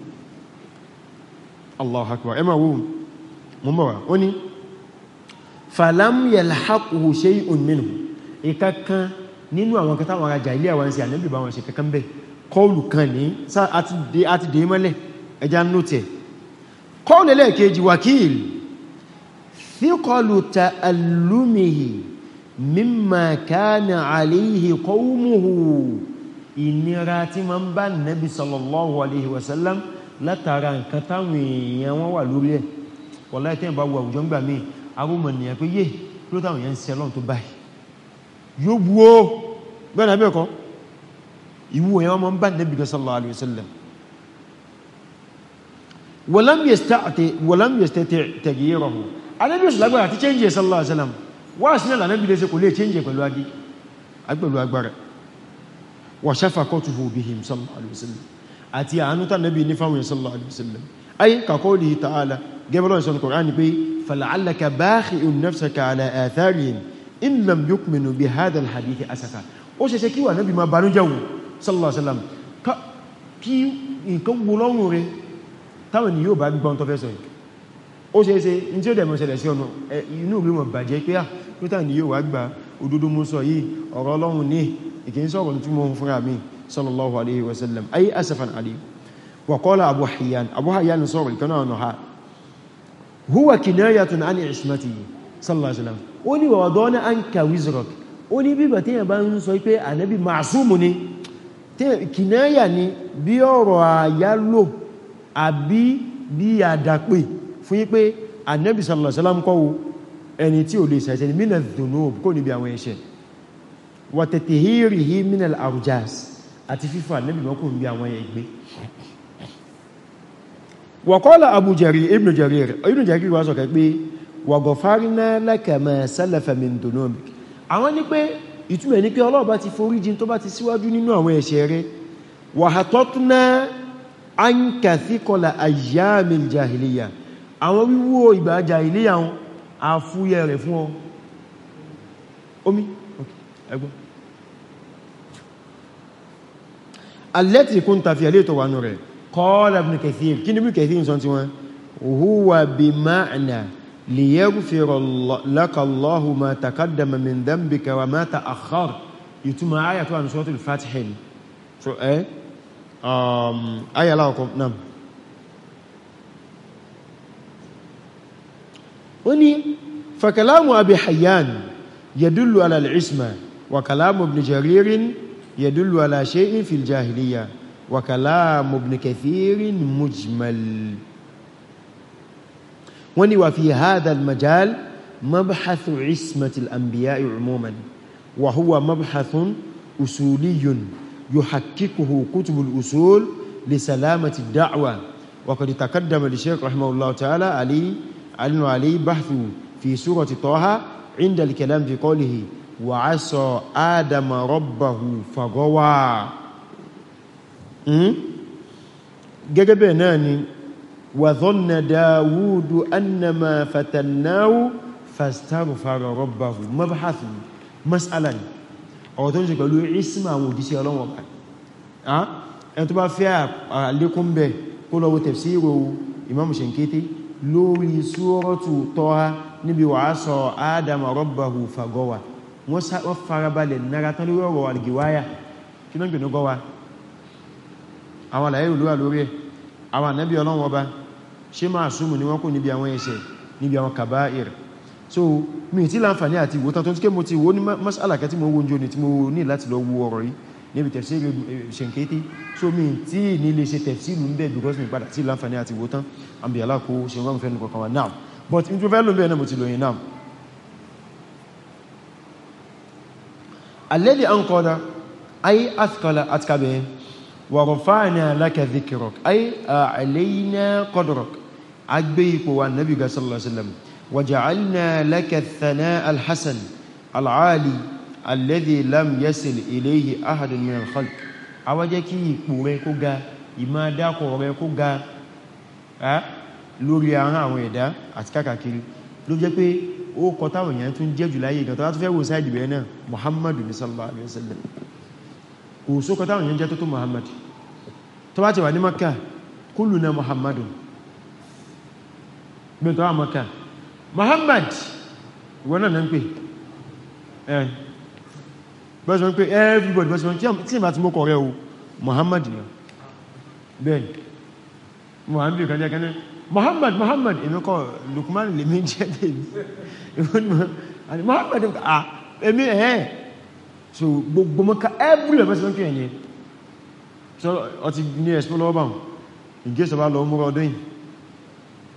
Allahu akbar ẹ máa wò ó ní falam yalhaquhu shay'un minhu ìkankan nínú àwọn kan táwọn arajà ilé àwọn ṣe ànábì bá wọn ṣe kankan bẹ́ẹ̀ kọ́ọ̀lù kan ní àti dè mọ́lẹ̀ ẹja ń nótẹ̀ kọ́ọ̀lù ẹlẹ́ẹ̀kejì wakil thíkọlù ta'allumihi mimma kana alayhi qawmuhu ìnira tí ma ń bá nẹ́bí sallallahu alayhi wa sallam látara nǹkan táwọn èèyàn wọn wà lórí ẹ̀ wọ́n láì tẹ́ ìbá wọ àwùjọ ń gbà mí abúmọ̀ nìyàn pé yé ló táwọn èèyàn ń ṣe ọlọ́run tó báyìí yóò wú ó bẹ́ẹ̀ náà bẹ́ẹ̀ kọ́ ìwú ẹ̀yàn ọmọ ń bá Nabi sallallahu alaihi wasallam walam yastati' walam yastati' taghyiruhu Ànábì sallallahu àti change sallallahu alaihi wasallam wá sí náà Ànábì lẹ́sẹ̀ kò lè change pẹ̀lú agi agbẹ̀lú agbára wa shafaqatuhu bihim sallallahu alaihi wasallam àti àánú tá Ànábì ní fáwọn sallallahu alaihi wasallam ay ka in lam yukminu bi hadha alhadith asafa ó ṣe ṣe kí wà nabi ma bànújẹ́ wo sallallahu alaihi wasallam ka kí nǹkan wo lohun rẹ̀ táwọn ni yo bá gbọ́n tó fẹ́ sọ yìí ó ṣe ṣe in tí ó de mo ṣẹlẹ̀ sí ọ̀nà inú gbe mo bàjẹ́ pé ah pé ta ni yo wá gba òdodo mo sọ yìí ọ̀rọ̀ Ọlọ́hun ni ikin so ọ̀rọ̀ tí mo fún ra mi sallallahu alaihi wasallam ay asafan ali wa qala abu hayyan abu hayyan sọ kan na ha huwa kinayatun an ismatihi sallallahu alaihi wasallam ó ní wọ̀dọ́nà anka wizrock ó ní bíbà tí yàn bá ń sọ pé ànábì màásùmù ni kìnáyà ni bí ọ̀rọ̀ àyálò àbí bí àdàpè fún yín pé ànábì sallallahu alaihi wasallam kọ́wọ́ ẹni tí ò ni mina dhunub kò níbi àwọn ẹ̀ṣẹ̀ wa tatahirihi min al-arjas àti fífà wa qala Abu Jarir ibn Jarir ibn Jarir wá pé wàgọ̀fárínà lákàmà sálàfàmì dùnúmì àwọn ní pé ìtumọ̀ ní pé ọlọ́ọ̀bá ti forí jin tó bá ti síwájú nínú àwọn ẹ̀ṣẹ̀ rẹ̀ wàhátọ́túnà áńkàsíkọlà àyàmìl jahiliya àwọn wíwó ìgbà jahiliya wọn àfúyẹ rẹ̀ fún ọ omi ẹgbọ́n alẹ́tì kún tàfi ẹlẹ́tọ̀ wà nù rẹ̀ kọ́ọ̀lá ibn Kathir kí ni ibn Kathir sọ ti wọn huwa bi ma'na ليغفر لك الله ما تقدم من ذنبك وما تأخر يتما آية عن سورة الفاتح so, eh? um, آية لكم نعم وني فكلام أبي حيان يدل على العصمة وكلام ابن جرير يدل على شيء في الجاهلية وكلام ابن كثير مجمل wọ́n ní wà fi hadha al-majal mabhathu ismati al-anbiya'i umuman wa huwa mabhathun usuliyun yuhakkikuhu kutubu al-usul li salamati ad-da'wa wa qad taqaddama li shaykh rahimahullahu ta'ala ali علم عليه بحث في سورة طه عند الكلام في قوله وعصى آدم ربه فغوى gẹ́gẹ́ bẹ́ẹ̀ náà وظن داود أنما فتناه فاستغفر ربه مبحث مسألة ọ̀rọ̀ tó ń ṣe pẹ̀lú ìsìnmà àwọn òjíṣẹ́ Ọlọ́run ọba ẹni tó bá fẹ́ àlékún bẹ̀ kó lọ wo tafsiru Imam Shinkiti lórí Suratu Taha níbi wàásọ Adama rabbahu fagọ́wà wọ́n farabalẹ̀ nára tán lórí ọ̀rọ̀ àlìgíwáyà kí náà gbẹ̀nú gọ́wà àwọn àlàyé olúwà lórí ẹ̀ àwọn ànábì ọlọ́run ọba ṣe máa súnmù ní wọ́n kò níbi àwọn ẹ̀ṣẹ̀ níbi àwọn kàbáìr so mi tí láǹfàní àti ìwòtán tó tíké mo ti wó ní mas'alaka tí mo wó jóni tí mo ní láti lọ wo ọ̀rọ̀ yìí níbi tafsir Shankiti so mi tí ní lè ṣe tafsir ń bẹ̀ because mi padà tí láǹfàní àti ìwòtán àmì aláko ṣe wọ́n fẹ́ nìkan wa náà but n tó fẹ́ ló bẹ́ẹ̀ náà mo ti lòyìn náà alẹ́lẹ́ àǹkọ́dá ayé àtìkọ́lá àtìkàbẹ̀ẹ́ ورفعنا لك ذكرك أي أعلينا قدرك أكبيك والنبي صلى الله عليه وسلم وجعلنا لك الثناء الحسن العالي الذي لم يصل إليه أحد من الخلق أوجكي بوريكوغا إما داكو ريكوغا lórí ara àwọn ẹ̀dá àti kákàkiri ló jẹ́ pé ó kọ táwọn èèyàn tún jẹ́ jù láyé ìgbà tó wá tó fẹ́ wò sáà ìdìbẹ̀ náà Muhammadu sallallahu alaihi wasallam òsó kọta òyìn jẹ́ tó tó Muhammad tó bá ti wà ní Makkah kúlù na Muhammadu bí tó wà Makkah Muhammad ìwọ́n náà ń pè ẹ̀ bọ́sùn pé everybody bọ́sùn tí ìbá ti mọ́kọ̀ rẹ̀ o Muhammad ni bẹ́ẹ̀ Muhammad kan jẹ́ kẹ́ni Muhammad Muhammad èmi kọ́ Lukman lè mi jẹ́ tèmi Muhammad ah, èmi ẹ̀ẹ́ so gbogbo mọ́ká everywhere mẹ́sàn kí ẹ̀yẹ so ọ ti ní ẹ̀sùn lọ́wọ́ bá wọn ìgésọ̀ bá lọ múra ọdún yìí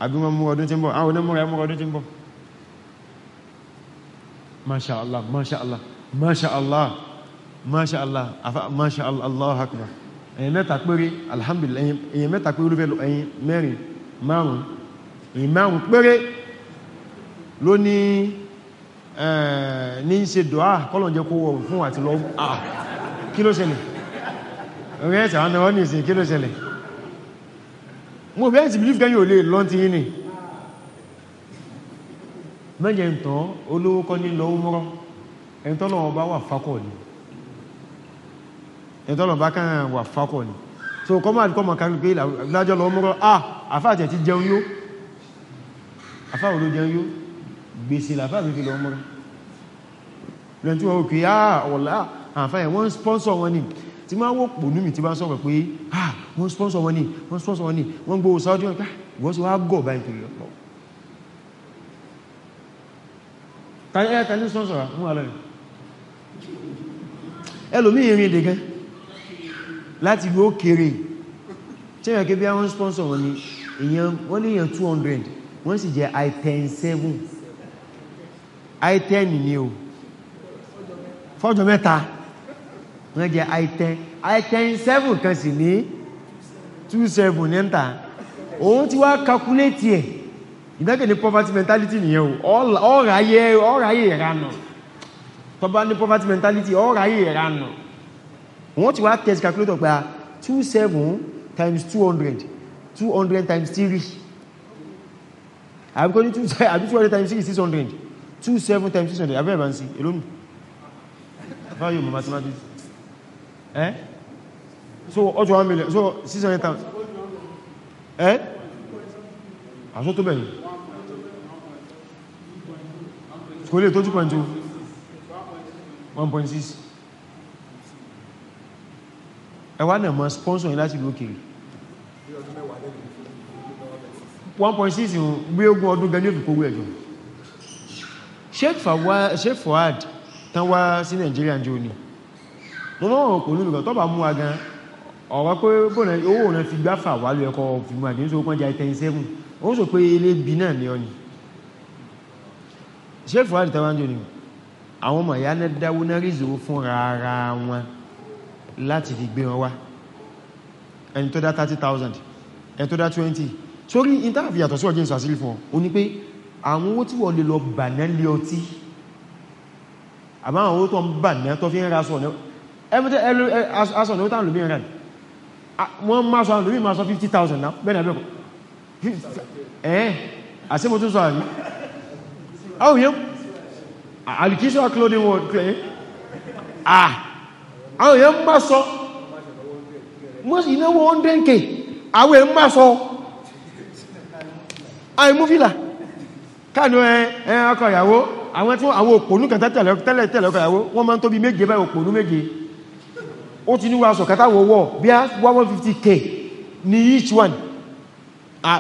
àbí wọn múra ọdún tí ń bọ̀ àwọn oní múra múra ọdún tí ń bọ̀ masha Allah masha Allah masha Allah masha Allah masha Allah Allah akbar ẹ̀yìn mẹ́ta alhamdulillah ẹ̀yìn mẹ́ta péré olúfẹ́ ẹ̀yìn mẹ́rin márùn-ún ẹ̀yìn márùn-ún péré Eh, ní ṣe dọ́á kọ́lọ̀njẹ́ kó wọ̀n fún àti lọ kí ló ṣẹlẹ̀ ọ̀rẹ́ ẹ̀sẹ̀ àwọn ọ̀nà ìsìn kí ló ṣẹlẹ̀ mo bẹ́ẹ̀ ti bílífù kẹ́yìn ò lè lọ́n ti yín ni mẹ́jẹ̀ ń tán olówó kọ́ ní lọ́wọ́ mọ́rọ́ ẹni tọ́lọ̀ ọba wà fakọ̀ ni ẹni tọ́lọ̀ ọba kan wà fakọ̀ ni so kọ́mọ̀ àti kọ́mọ̀ kan pé lájọ́ lọ́wọ́ mọ́rọ́ ah àfáà tẹ̀ ti jẹun yó àfáà ò ló jẹun yó gbèsè làfáàfí fi lọ mọ́ra rẹ̀ tí wọ́n wò kí àwọ̀lá àfáà wọ́n sponsor wọn ni tí máa wó pò ní mi tí bá sọ̀rọ̀ pé ah, wọ́n sponsor wọn ni wọ́n sponsor wọn ni wọ́n gbó Saudi wọn wọ́n sì ah, wá gọ̀ báyìí tó lọ́pọ̀ ẹlòmí ìrìn èdè gan láti bí ó sponsor wọn ni wọ́n lè yàn 200 wọ́n sì jẹ́ i 10 7 i10 ni o fọ́jọ́ mẹ́ta wọ́n jẹ́ i10 i10 seven kan sì ní 27 ní ẹ̀ntà òun ti wá calculate ẹ̀ ìdájọ́ ní poverty mentality nìyẹn o ọ̀ráyé ọ̀ráyé ìranà tó bá ní poverty mentality ọ̀ráyé ìranà wọ́n ti wá test calculator Two seven times two hundred, two hundred times 3 àbíkọ́ ní 200 times three six hundred two seven times six hundred abẹ́ ìbá ń sí elónù fáyọ̀ mọ̀ mathematics eh so ọjọ́ one million so six hundred times. eh àṣọ tó bẹ̀rẹ̀ kò lè tó two point two one point six ẹwà náà mọ̀ sponsor yìí láti ìlú òkèèrè one point six ìhùn gbé ogún ọdún gẹ́lẹ́ òfin kówó ẹ̀jọ̀ Sheikh Fawad tán wá sí Nigeria jò ní mo mọ́ ọ̀rọ̀ kò nílùú tó bá mú wa gan ọ̀rọ̀ pé bọ́nà owó òun fi gbá fà wá ló ẹ̀kọ́ fi mú àdínsó pọ́njá ten seven ó sọ pé ilé bí náà ní ọ̀nì Sheikh Fawad tán wá jò ní àwọn ọmọ ìyá náà dáwó náà rí ìṣòro fún rárá wọn láti fi gbé wọn wá ẹni tó dá thirty thousand ẹni tó dá twenty sórí ìtàfi yàtọ̀ sí ọjọ́ ìsàsílì fún ọ àwọn owó tí wọ́n lè lọ bàná lé ọtí àbáwọn owó tó ń bàná tó fi ń ra sọ̀nà ẹgbẹ́tẹ́ asọ̀ ní ó tàn lómi ìrìn wọ́n máa sọ lómi máa sọ 50,000 náà bẹ́ẹ̀ nàbẹ́kọ̀ ẹ̀ẹ́ àṣíbò tún sọ àrí àwọn èèyàn alìkíṣọ́ clothing world clay ah àwọn èèyàn máa sọ ìnáwó 100k àwọn èèyàn máa sọ àìmúfìlà káàdù ẹ ọkọ ìyàwó àwọn tí àwọn òpònú kan tẹ́lẹ̀ tẹ́lẹ̀ ọkọ ìyàwó wọ́n máa ń tóbi méje báyìí òpònú méje ó ti níwà sọ kátàwọ̀ wọ́ bí á 150k ní each one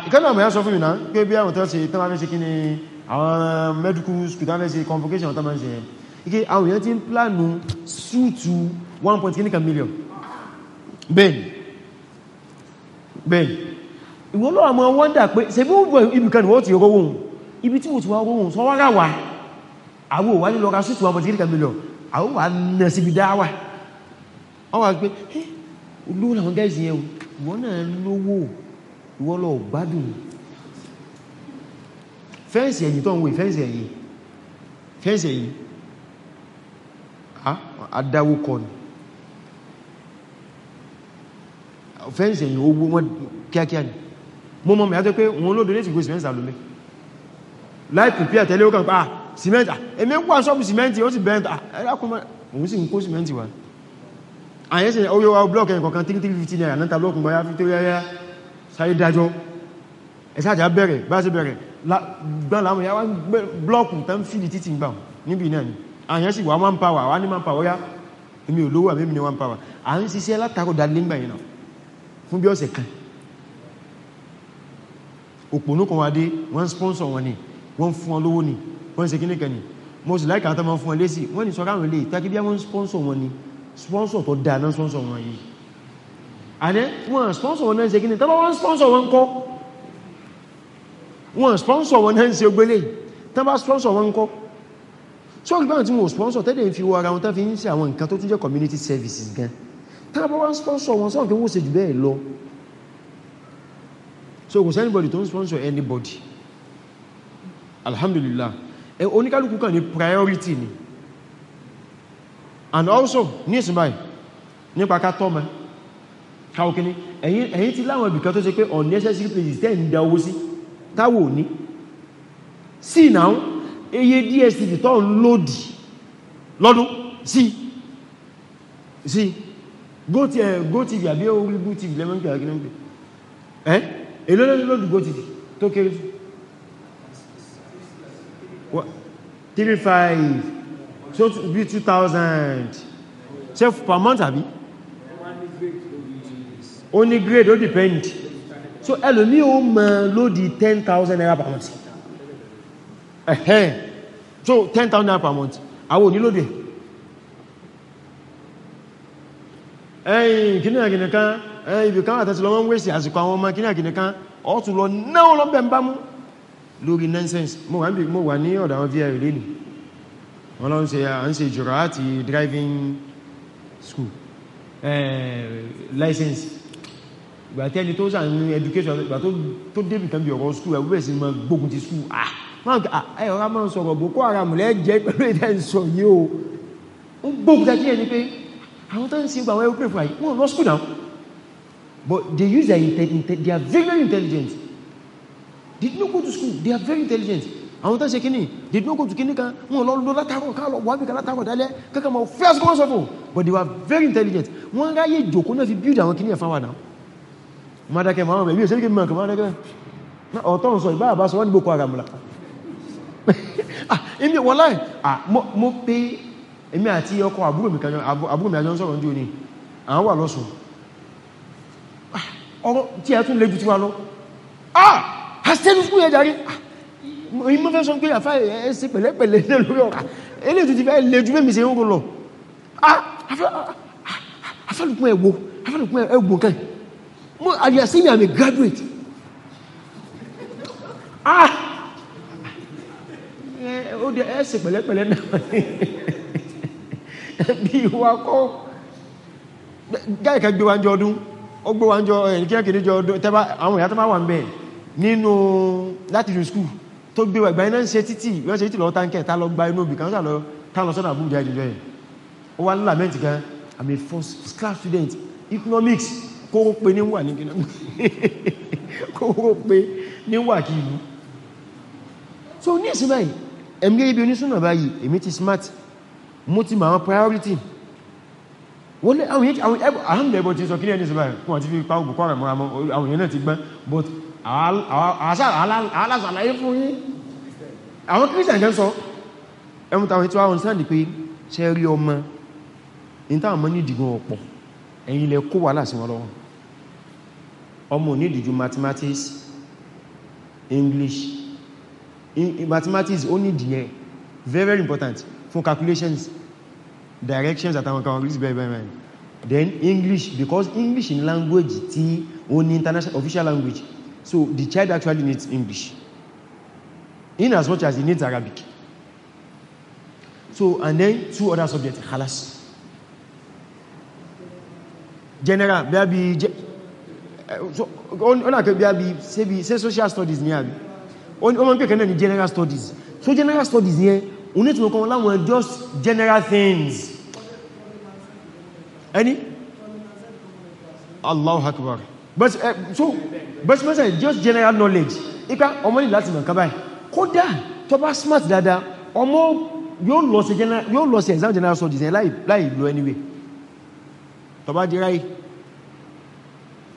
ìkẹ́lẹ̀ àmì ẹ́ sọ fún ìrìnà pé bí àwọn tẹ́lẹ̀ tẹ́lẹ̀ tẹ́lẹ̀ kí ni àwọn um, medical school tẹ́lẹ̀ ṣe convocation tẹ́lẹ̀ ṣe ike àwọn èèyàn ti ń plánù súùtù 1.5 million bẹ́ẹ̀ni bẹ́ẹ̀ni ìwọ́n lọ́wọ́ àwọn wọ́ndà pé ṣe bí ó gbọ́ ibìkan ni wọ́n ti rọ́wọ́ ohun ibi tí mo ti wá rohun sọ wára wà àwọn òwà nílọ ra sútù àwọn tíríkà mílọ̀ àwọn wà nà síbi dáwà wọ́n wà pé olówó làwọn gáìsì yẹn wọ́n náà lówó ìwọ́ lọ gbádùn fẹ́ǹsì ẹ̀yìn tó ń wé fẹ́ǹsì ẹ̀yìn fẹ́ǹsì ẹ̀yìn ah, adáwó kọ ni fẹ́ǹsì ẹ̀yìn owó wọn kíákíá ni mo mọ̀ mẹ́ láì pìpìà tẹ́lé ó kàn pa ah, sìmẹ́ntì ẹ̀mí ah, ń pà ṣọ́pù sìmẹ́ntì ó sì bẹ́ẹ̀ntì ah, ẹ̀lákùnmọ́ òun sì ń kó sìmẹ́ntì wà àyẹ́sẹ̀ ó yíwa blọ́ọ̀kì ẹ̀yìn kọ̀kan 3350 naira náà blọ́ọ̀kì gbáyá fi tó yáyá sáré dájọ́ ẹ̀sájà bẹ̀rẹ̀ bá sí bẹ̀rẹ̀ gbọ́n láwọn yá wá blọ́ọ̀kù tán fìdí títì gbà níbi náà ni àyẹ́ sì wà one power wà ní one power yá èmi olówó àmì ní one power à ń ṣiṣẹ́ látàkọ̀ dalí ngbà yìí náà fún bí ọ̀sẹ̀ kan òpónú kan wá dé wọ́n sponsor wọn ni wọ́n fún wọn lówó ni wọ́n ṣe kíní kan ni mo sì láìka tó máa fún wọn lésì wọ́n ní sọ́kàrùn ilé ìtàkì bí wọ́n sponsor wọn ni sponsor tó dáa náà sponsor wọn yìí àdẹ́ wọ́n sponsor wọn náà ṣe kíní tọ́bá wọ́n sponsor wọn kọ́ wọ́n sponsor wọn náà ṣe ogbélé tọ́bá sponsor wọn kọ́ tí wọ́n gbáhùn tí sponsor tẹ́lẹ̀ ń fi wọ ara wọn tán fi ń ṣe àwọn nǹkan tó tún jẹ́ community services gan tọ́bá wọ́n sponsor wọn sọ́ọ̀kẹ́ wọ́n ṣe jù bẹ́ẹ̀ lọ so kò sẹ́nibọ̀dì tó ń sponsor anybody alhamdulillah ẹ oníkálùkù kan ni priority ni and also ní ìsinmi nípa ká tọ́mọ káwọ́kí ní ẹ̀yìn tí láwọn ibìkan tó ṣe pé unnecessary places tẹ́ ń da owó sí táwò ní sí náà eye DSTV tó ń lòdì lọ́dún sí sí GoTv àbí orí GoTv lẹ́mọ́ ń pè àkínú ń èlò lọ́dún GoTv tó kéré fún three five so be two thousand ṣe per month àbí ó ní grade ó depend so ẹlòmí ó mọ lódi ten thousand naira per month ẹ̀hẹ́n so ten thousand naira per month àwọn òní lóde ẹ̀yìn kìnnìyàn kìnnìkan ẹ̀yìn ibìkan àtẹ́sìlọ́wọ́n wéṣì àsìkò àwọn ọmọ kìnnìyàn kìnnìkan ọ̀tún lọ náà lọ́bẹ̀ ń bá mú lórí nonsense mo wà níbi mo wà ní ọ̀dọ̀ àwọn vr lẹ́nu wọ́n lọ ṣe à ń ṣe ìjọra àti driving school license ìgbà tí ẹni tó sà ní education ìgbà tó débì kan bí ọ̀rọ̀ school ẹ̀ wúbẹ̀ sí máa gbógun ti school ah máa ẹ̀ ọ̀rá máa ń sọ̀rọ̀ Boko Haram lẹ́jẹ́ pẹ̀lú ìdẹ́ ìsọ̀ yìí o ó gbógun tẹ́kí ẹni pé àwọn tó ń sin gbà wọ́n ẹ̀ wọ́n lọ school now but they use their intelligence they are very intelligent did not go to school they are very intelligent àwọn tó ṣe kíní they did not go to kíní kan wọn lọ lọ látàkọ̀ ká lọ wà bí ká látàkọ̀ dálẹ́ kankan first fẹ́ of all. but they were very intelligent wọ́n ráyè jòkó náà fi build àwọn kíní ẹ̀fà wà náà mọ́dákẹ́ mọ́ àwọn ẹ̀bí ìṣẹ́lẹ̀ kíní mọ́kàn mọ́dákẹ́ ọ̀tọ́ ń sọ ìbá àbá sọ wọ́n ní Boko Haram la ah, èmi wọ́láì ah, mo pé èmi àti ọkọ̀ àbúrò mi àjọ ń sọ̀rọ̀ ní òní àwọn wà lọ́sùn ah, ọ̀rọ̀ tí ẹ tún lè ju tí wá lọ ah àṣẹ́lú fún ẹjàrí ìmọ́ fẹ́ sọ pé àfá ẹ̀ẹ́sì pẹ̀lẹ́pẹ̀lẹ́ lórí ọ̀rọ̀ ilé tó ti fẹ́ lè jú mẹ́mí sí ń rọlọ afẹ́lùkún ẹgbò afẹ́lùkún ẹgbò kẹ́ mọ́ àdíyàsí mi àmì graduate ah ó dẹ ẹ̀ẹ́sì pẹ̀lẹ́pẹ̀lẹ́ náà bí wà kọ́ gáìkà gbé wájọ ọdún ó gbé wájọ ẹ̀ẹ́kẹ́ nínú láti jù skúù tó gbé wà ìgbàyìn náà ṣe títì wọ́n ṣe títì lọ tánkẹ̀ tá lọ gba inú obì kan lọ tánà sọ́dà búrú jáde jọ ẹ̀ ó wá lament gan i'm a first class student economics kóró pé ní wà ní gínà kóró pé ní wà kí ìlú so ní ìsinmi báyìí ẹ̀mí gẹ́gẹ́ bí onísùnà báyìí èmi ti smart mo ti mọ àwọn priority wọ́n lé àwọn èèyàn àwọn ẹ̀bùn àhàmì ẹ̀bùn ti sọ kí ní ẹni sí báyìí fún àti fi pa òbùkọ́ rẹ̀ mọ́ra mọ́ àwọn èèyàn náà ti gbọ́n but alásàlàyé fún yín àwọn kírísìtàn jẹ́ sọ ẹmú tàwọn ètò àwọn sáàdì pé ṣe rí ọmọ in táwọn mọ́ ní ìdìgún ọ̀pọ̀ ẹ̀yin ilẹ̀ kó wà láti wọn lọ́wọ́ ọmọ ní ìdìjú mathematics English in mathematics ó ní ìdìyẹ very very important fún calculations directions àtàwọn kan rí bẹ́ẹ̀ bẹ́ẹ̀ then English because English in language tí ó ní international official language so the child actually needs English in as much as he needs Arabic so and then two other subjects halas. general bí a bí Ona kẹ́ bí a bí ṣe social studies ní àbí ọmọ pẹ̀kẹ́ náà ni general studies so general studies yẹn onítùmọ̀ kan láwọn just general things Any? Allahu Akbar but uh, so but message just general knowledge ipa ọmọ ní láti mọ̀ nǹkan báyìí kódà to bá smart dáadáa ọmọ yóò lọ sí general yóò lọ sí exam general studies ẹ̀ láì lọ anyway To bá jẹ́ ráyìí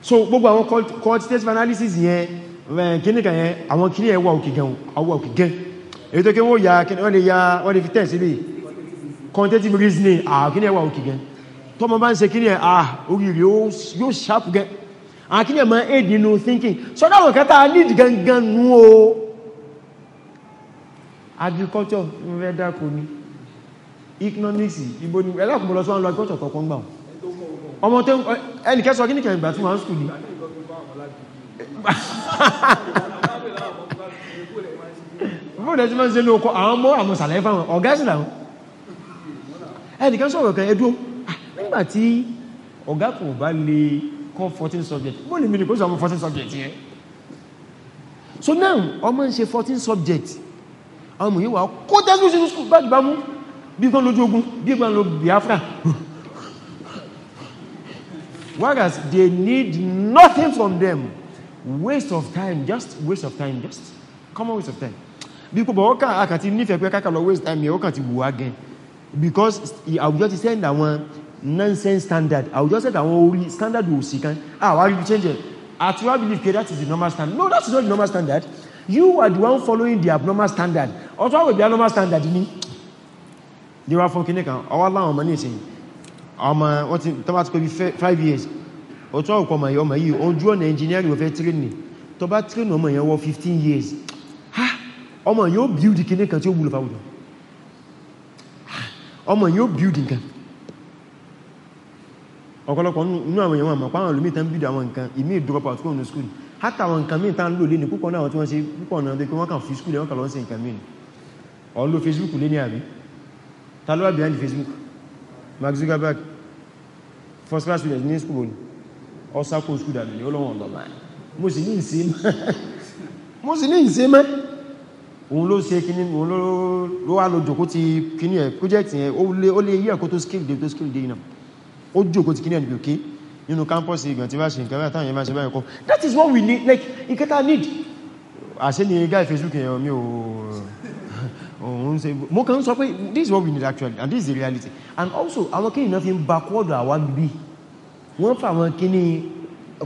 so gbogbo àwọn quantitative analysis when yẹn eh, kíníkà yẹn àwọn kíní ẹ̀ wà òkè gan àwọn òkè gan èyí tó kí wọ́n ya wọ́n lè ya wọ́n lè fi tẹ̀ síbí quantitative reasoning àwọn ah, kíní ẹ̀ wà òkè gan tọ́mọ bá ń ṣe kíní ẹ̀ ah orí rẹ̀ yóò sharp gan àkíní ẹ̀mọ́ aid nínú thinking so dáwọn kẹta need gangan nú o agriculture ń rẹ́ dákò ní economics ibo ni ẹlẹ́kùnbọ̀ lọ́sọ́ lọ agriculture kọ̀ọ̀kan gbà ọmọ tó ẹnikẹ́sọ kí ní kẹ̀yìn gbà tí wọ́n ń skùl ní fún ẹ̀sí máa ń se ní oko àwọn mọ́ àwọn sàlẹ̀ fáwọn ọ̀gá sí làwọn ẹnikẹ́sọ̀rọ̀ kan ẹdún ah, nígbàtí ọ̀gá kò bá lè kọ́ 14 subject mo lè mi ní kó sọ àwọn fourteen subject yẹn so now ọmọ ń ṣe fourteen subject àwọn ọmọ yìí wà kó tẹ́sùn sí school bá jùbá mú bí kan lójú ogun bí kan lọ Biafra whereas they need nothing from them waste of time just waste of time just common waste of time bí kò bọ̀ ọkà àkàtí nífẹ̀ẹ́ pé kákà lọ waste time yẹ ọkà ti wù á gẹn because àwùjọ ti send àwọn nonsense standard i will just say àwọn only standard we will see kan ah why you change it at your belief okay, that is the normal standard no that is not the normal standard you are the one following the abnormal standard ọ̀tọ́ àwọn be abnormal standard ni they were fún kìnnìkan ọwọ́ láwọn ọmọ ní ìsìn ọmọ wọ́n ti tọ́bá ti pẹ́ bí five years ọ̀tọ́ ọ̀pọ̀ ọmọ ọmọ yìí ojú ọ̀nà engineering wọ́n fẹ́ tírénì tọ́bá tírénì ọmọ yẹn wọ fifteen years ọmọ yóò build kìnnìkan tí ó wúlò fáwùjọ ọmọ yóò build nǹkan ọ̀pọ̀lọpọ̀ inú àwọn èèyàn àmọ̀ páwọn olùmí tán bídò àwọn nǹkan ìmí drop out kúrò ní school hátà àwọn nǹkan míì tán lò lé ní púpọ̀ náà tí wọ́n ṣe púpọ̀ náà dé wọ́n kàn fi school wọ́n kàn lọ nǹkan míì ọ̀n lo Facebook lé ní àbí ta ló wà behind Facebook Mark Zuckerberg first class student ní school ni ọ̀sá kó school dàbí ọlọ́wọ̀n ọ̀lọ́mà mo sì ní ìsé mẹ́ mo sì ní ìsé mẹ́ òun ló ṣe kíní òun ló wà lójò kó ti kíní ẹ̀ project yẹn ó lé yí ẹ̀kọ́ tó scale dé tó skill dé náà ó jòkó ti kíní ẹ̀nìyàn kí nínú campus ìgbà tí bá ṣe nǹkan látàrí ẹmà ṣe báyìí kọ́ that is what we need like ìkẹta need àṣẹ ni guy Facebook èèyàn mi ò òun ṣe mo kàn sọ pé this is what we need actually and this is the reality and also àwọn kíní náà fi ń backward àwọn bíbí wọ́n fà àwọn kíní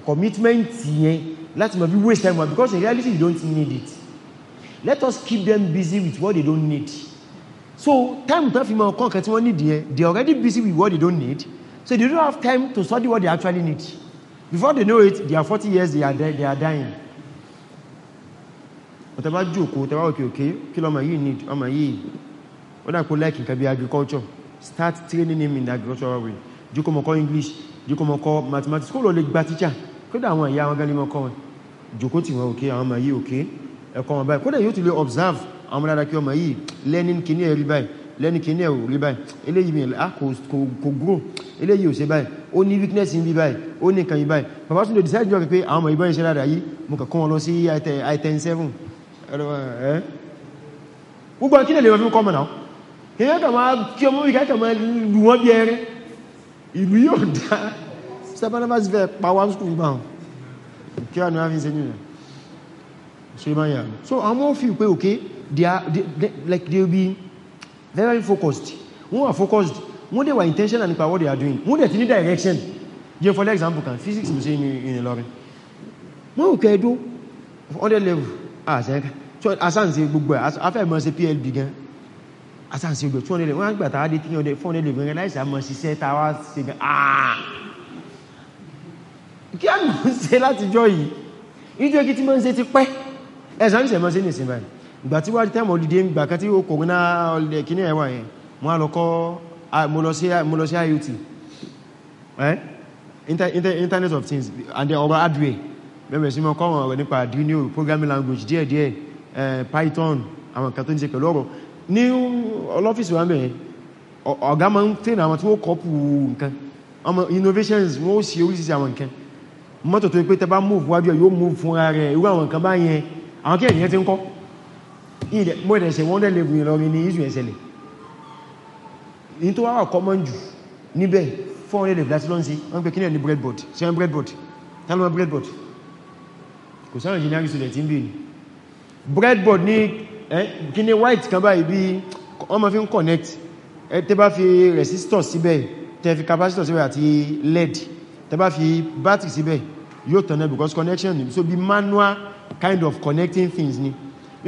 commitment yẹn láti mọ̀ bí waste time because in reality you don't need it let us keep them busy with what they don't need so time tán fi mọ̀ kọ́ nǹkan tí wọ́n need yẹn they already busy with what they don't need So they don't have time to study what they actually need. Before they know it, they are 40 years, they are, they are dying. Whatever joke, whatever okay, okay, kill ọmọ yìí need, ọmọ yìí. Wọ́n dà kó like nǹkan bí agriculture. Start training him in agricultural way. Jókòó mọ́ call English, jókòó mọ́ call mathematics. Kó lọ lè gba teacher. Kódà àwọn ìyá going to call. kọ́ wọn. Jókòó tí wọn òkè, àwọn ọmọ yìí òkè. Ẹ̀kọ́ wọn báyìí. Kódà yóò ti lè observe àwọn ọmọ dáadáa kí ọmọ yìí learning kìíní ẹ̀rí báyìí lẹ́nu kìíní ẹ̀ ò rí báyìí eléyìí mi à kò grow eléyìí ò ṣe báyìí ó ní weakness ń bí báyìí ó ní nǹkan yìí báyìí bàbá tún lè decide jọ pé àwọn ọmọ ìbọn iṣẹ́ dáadáa yìí mo kàn kọ́ wọn lọ sí i-10-7 gbogbo kí lè lè wọ́n fi kọ́ mọ̀ náà kìíní kà máa kí ọmọ wíkà kà máa lù wọ́n bí ẹrẹ́ ìlú yóò dá sabanabas fẹ́ pa wá skul gbà hàn kí wà ní wọ́n fi ń ṣe nìyàn so ìmáyà so àwọn fi pé okay they are like they be very focused wọ́n are focused wọ́n dẹ̀ wà intentional nípa what they are doing wọ́n dẹ̀ ti ní direction jẹ́ for example kan physics mo ṣe ní Ìlọrin wọ́n ò kẹ́ẹ̀dó 100 level àṣẹ́kà asáǹsí gbogbo afẹ́mọ́ sí PLB gan asáǹsí gbogbo 200 level wọ́n gbà tàà dé 300 400 level gan láìsí àmọ́ síṣẹ́ tàwà sí gan àà kí a mọ̀ ń ṣe látijọ́ yìí ìjọ́ kí tí mọ́ ń ṣe ti pẹ́ ẹ̀sán ìṣẹ̀mọ́ sí nìsìn báyìí ìgbà tí wájú tẹ́mọ̀ olùdé ìgbà kan tí ó kòrónà ọlẹ̀ kí ní ẹ̀wà yẹn mo lọ kọ́ sí IoT internet of things and ọ̀rọ̀ hardware bẹ̀rẹ̀ sí mọ́ kọ́rọ̀ ọ̀rọ̀ nípa Arduino programming language díẹ̀ díẹ̀ Python àwọn kan tó ní ṣe pẹ̀lú ọ̀rọ̀ ní ọlọ́fíìsì wa mẹ́rin ọ̀gá máa ń tẹ́nà àwọn tí ó kọ́pù nǹkan ọmọ innovations wọ́n ó sí oríṣiríṣi àwọn nǹkan mọ́tò tó ń pé tẹ́ bá move wájú ẹ̀ yóò move fúnra rẹ̀ irú àwọn nǹkan báyẹn àwọn kí ẹ̀yẹn ti ń kọ́ ilẹ̀ mọ́ẹ̀dẹ̀ ṣe wọ́n lẹ́lẹ̀ ìrìn lọ́rin ní ìsù ẹ̀ṣẹ̀lẹ̀ ní tó wáwà common jù níbẹ̀ 400 glass lọ́nsí wọ́n pẹ̀ kílẹ̀ ní breadboard ṣe wọ́n breadboard tálọ́wọ́ breadboard kò sáwọn engineering student breadboard ní kíní white kan báyìí bí wọ́n connect tẹ́ fi resistor síbẹ̀ tẹ́ fi capacitor síbẹ̀ àti led tẹ́ bá fi battery síbẹ̀ yóò tọ̀nà because connection ni. so be manual kind of connecting things ni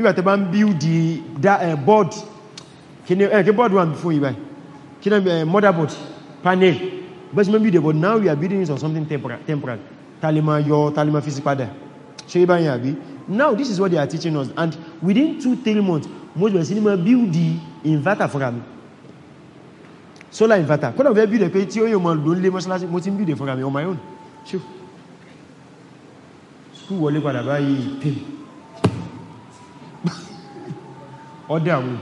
nígbàtẹ́ bá ń bíúdì eh, board ẹ̀kẹ́ eh, board wà fún ìbáyìí kí náà eh, motherboard panel bẹ́ẹ̀ sí mọ́ bíúdì but now we are building it on something temporary talima yọ talima fi sí padà ṣe ìbáyìí àbí now this is what they are teaching us and within two three months most of us ní mọ́ bíúdì inverter fúnra mi solar inverter kọ́nà fẹ́ bíúdì pé tí ó yóò mọ́ lò ń lé mọ́ṣáláṣí mo ti ń bíúdì fúnra mi on my own ṣe school wọlé padà báyìí pay ọdẹ àwọn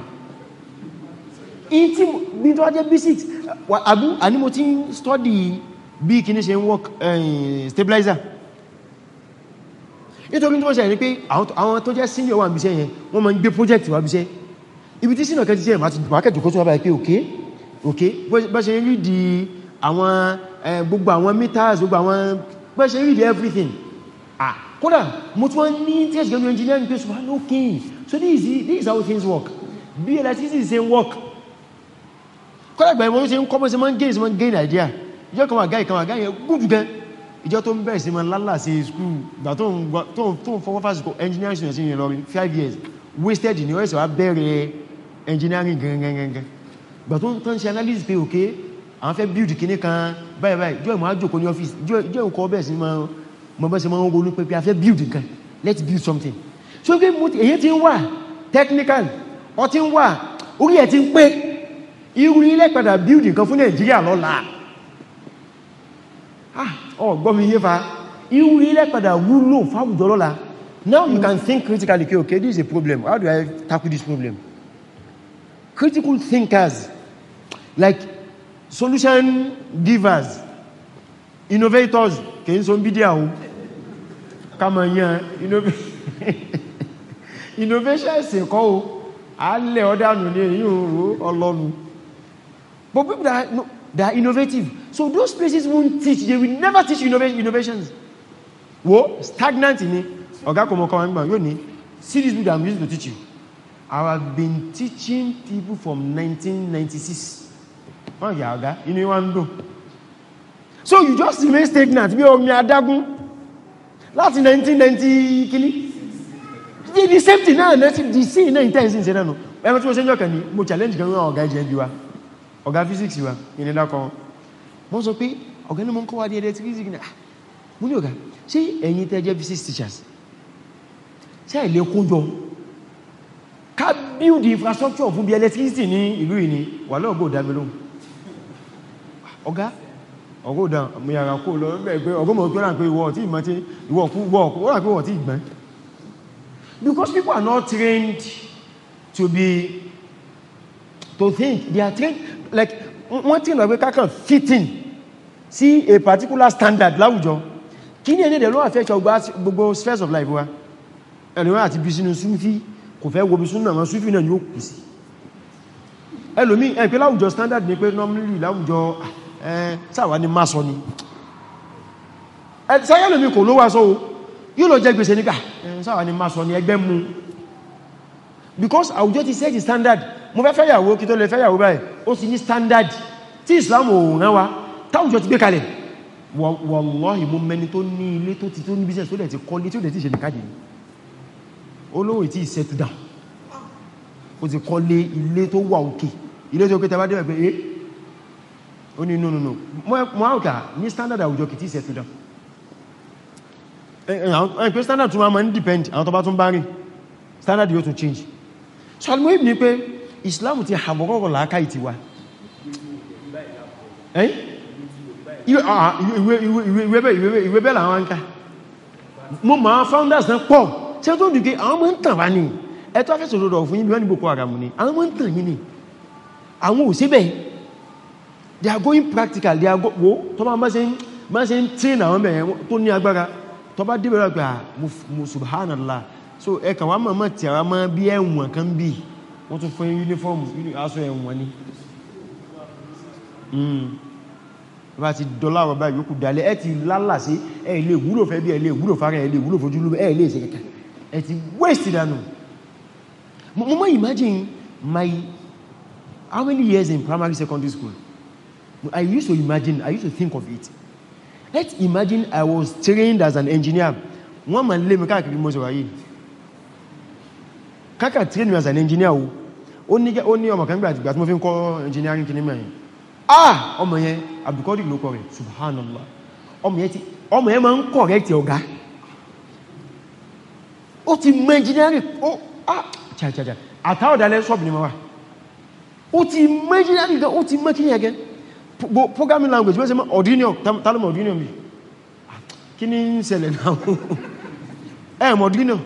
ìtí bí tó wájẹ́ basics àbú àní mo ti ń study bí kìíní ṣe ń work eh, stabilizer nítorí tó ṣe ní pé àwọn tó jẹ́ senior wà níbiṣẹ́ yẹn wọ́n ma ń gbé project wà níbiṣẹ́ ibi tí senior kẹtí sí ẹ̀mà ti wákẹ̀tù kó tún wá báyìí pé òkè òkè bá ṣe rí di àwọn eh, gbogbo àwọn meters gbogbo àwọn bá ṣe rí everything ah kódà mo tún wọ́n ní tí ẹ̀ṣẹ̀ gẹ́gẹ́ engineering pé ṣùgbọ́n no king so this is, this is how things work bí ẹ̀lá tí sì ṣe work kódà gbà ìwọ̀n ṣe ń kọ́mọ́ sí máa ń gain sí máa ń gain idea ìjọ kan àgáyì kan àgáyì yẹn gùn jù gan ìjọ tó ń bẹ̀rẹ̀ sí máa lálà sí school gbà tó ń fọwọ́ fásitì engineering student sí yẹn lọ five years wasted ní ọ̀ẹ́sẹ̀ wa bẹ̀rẹ̀ engineering gangan gbà tó ń tán ṣe analysis pé okay àwọn fẹ́ build kinní kan báyìí báyìí jọ ìmọ̀ àjòkó ní ọ́fíìsì jọ ìkọ́ bẹ̀rẹ̀ sí máa mo bá ṣe máa ń ronú pé a fẹ́ build nǹkan let's build something so pé mo èyí ti ń wà technical ọ ti ń wà orí ẹ̀ ti ń pé irú ilẹ̀ padà build nǹkan fún Nàìjíríà lọ́la ah ọgbọ́n mi yé fa irú ilẹ̀ padà wúlò fáwùjọ lọ́la now you can think critically okay, okay this is a problem how do I tackle this problem critical thinkers like solution givers innovators kìí sọ ń bídí àwọn kàmọ̀ yan innovation ẹ̀sìn kọ́ o alẹ́ ọ̀dánù ní èyí òru ọlọ́nu but people that, no, that are innovative so those places won't teach they will never teach innovation, innovations wo stagnant ni ọ̀gá kò mọ̀ kọ́ wọn gbà yóò ní see this book that I'm using to teach you I have been teaching people from 1996 wọ́n yà ọ̀gá inú wa ń dùn so you just remain stagnant bí omi adágún láti 1990 kìíní the safety náà the same náà intense ṣe náà ẹmọ tí mo ṣe ń yọ̀kẹ̀ ní mo challenge gan wọn ọ̀gá ìjẹ́ wa ọ̀gá physics wa ìrìnlá kan wọ́n sọ pé ọ̀gá ní mo ń kọ́ wá di ẹ̀dẹ́ physics náà ah, mú ní ọ̀gá ṣé ẹ̀yin tẹ́ jẹ́ physics teachers ṣé ilé kójọ ká build infrastructure fún bí electricity ní ìlú ìní wà lọ́gbọ̀ dámi lóhun ọ̀gá ọgọ́dàn àmúyàrá kó lọ bẹ́ẹ̀ pé ọgọ́mọ̀ because people are not trained to be to think they are trained like wọ́n tí ìlọ̀gbé kákan fitting sí a particular standard láwùjọ kí ní ẹni ló affect gbogbo spheres of life wa ẹlòmí àti bí sínú súnfí kò fẹ́ wobi súnà wọn súnfí náà yóò kù sí ẹlòmí ẹ̀pẹ́ láwùjọ standard ní pé normally láwùjọ sáwà ní má sọ ni sáyẹ́ lómi kò ló wá sọ́wọ́ yóò lọ jẹ́ gbèsè nígbà sáwà ní má sọ ni ẹgbẹ́ mú because àwùjọ ti set the standard mo fẹ́ fẹ́yàwó kí tó lè fẹ́yàwó báyìí ó sì ní standard tí Islam ò rán wa táwùjọ ti gbé kalẹ̀ wallahi mo mẹni tó ní ilé tó ti tó ní business tó dẹ̀ ti kọ́lé tí ó dẹ̀ ti ṣe nìkájì ni olówó ìtí ìsẹ́tù dà ó ti kọ́lé ilé tó wà òkè ilé tó kéte bá dẹ̀ pé eh, ó ní no no no mọ́ọ̀ká ah. ní standard àwùjọ kìí tí ìsẹ̀tù dá ẹ̀yìn pé standard tún máa ń depend àwọn tó bá tún bá rìn standard yóò tún change so almohim ni pé Islam ti hàbọ̀rọ̀rọ̀ láàká ìtì wa ìwé bẹ́ẹ̀ làwọn ká mo ma founders náà pọ̀ tí ó tó dùkẹ́ àwọn mọ́ ń tàn wá ní ẹ̀tọ́ afẹ́sọ̀rọ̀ fún yín bí wọ́n ní Boko Haram ní àwọn mọ́ ń tàn yín ní àwọn òsíbẹ̀ẹ́ they are going practical they are go wo tó bá máa ṣe máa train àwọn bẹ̀rẹ̀ tó ní agbára tó bá dé bẹ̀rẹ̀ pé ah, mo subhanallah so ẹkà wà mọ̀ tí ara máa bí ẹ̀wọ̀n kan bí wọ́n to fún uniform aṣọ ẹ̀wọ̀n ni hmm. bá ti dọ́là ọ̀rọ̀ báyìí yókù dalẹ̀ ẹ ti lálà sí ẹ lè wúlò fẹ́ bí ẹ lè wúlò fara ẹ lè wúlò fojú lú ẹ lè ṣe kẹta ẹ ti waste dànù mo mọ́ imagine my how many years in primary secondary school I used to imagine, I used to think of it. Let's imagine I was trained as an engineer. Wọ́n ma lé mi káàkiri mọ́ sọ̀rọ̀ yìí. Káàkà train me as an engineer o. Ó ní ọmọ kan gbà àtìgbà tí mo fi ń kọ́ engineering kìíní mẹ́rin. Ah! Ọmọ yẹn, Abdulkadir ló kọ rẹ̀, Subhanallah. Ọmọ yẹn ma ń correct ọ̀gá. Ó ti mọ engineering. Ó ah! Àtàwọ̀dálẹ́ sọ́ọ̀bù ni mo wà. Ó ti mọ engineering gan, ó ti mọ kíní ẹgẹ́ programming language wọ́n ṣe mọ́ ordinium tálọ́mù ordinium bí kí ní ń ṣẹlẹ̀ náà ẹ̀mọ̀ ordinium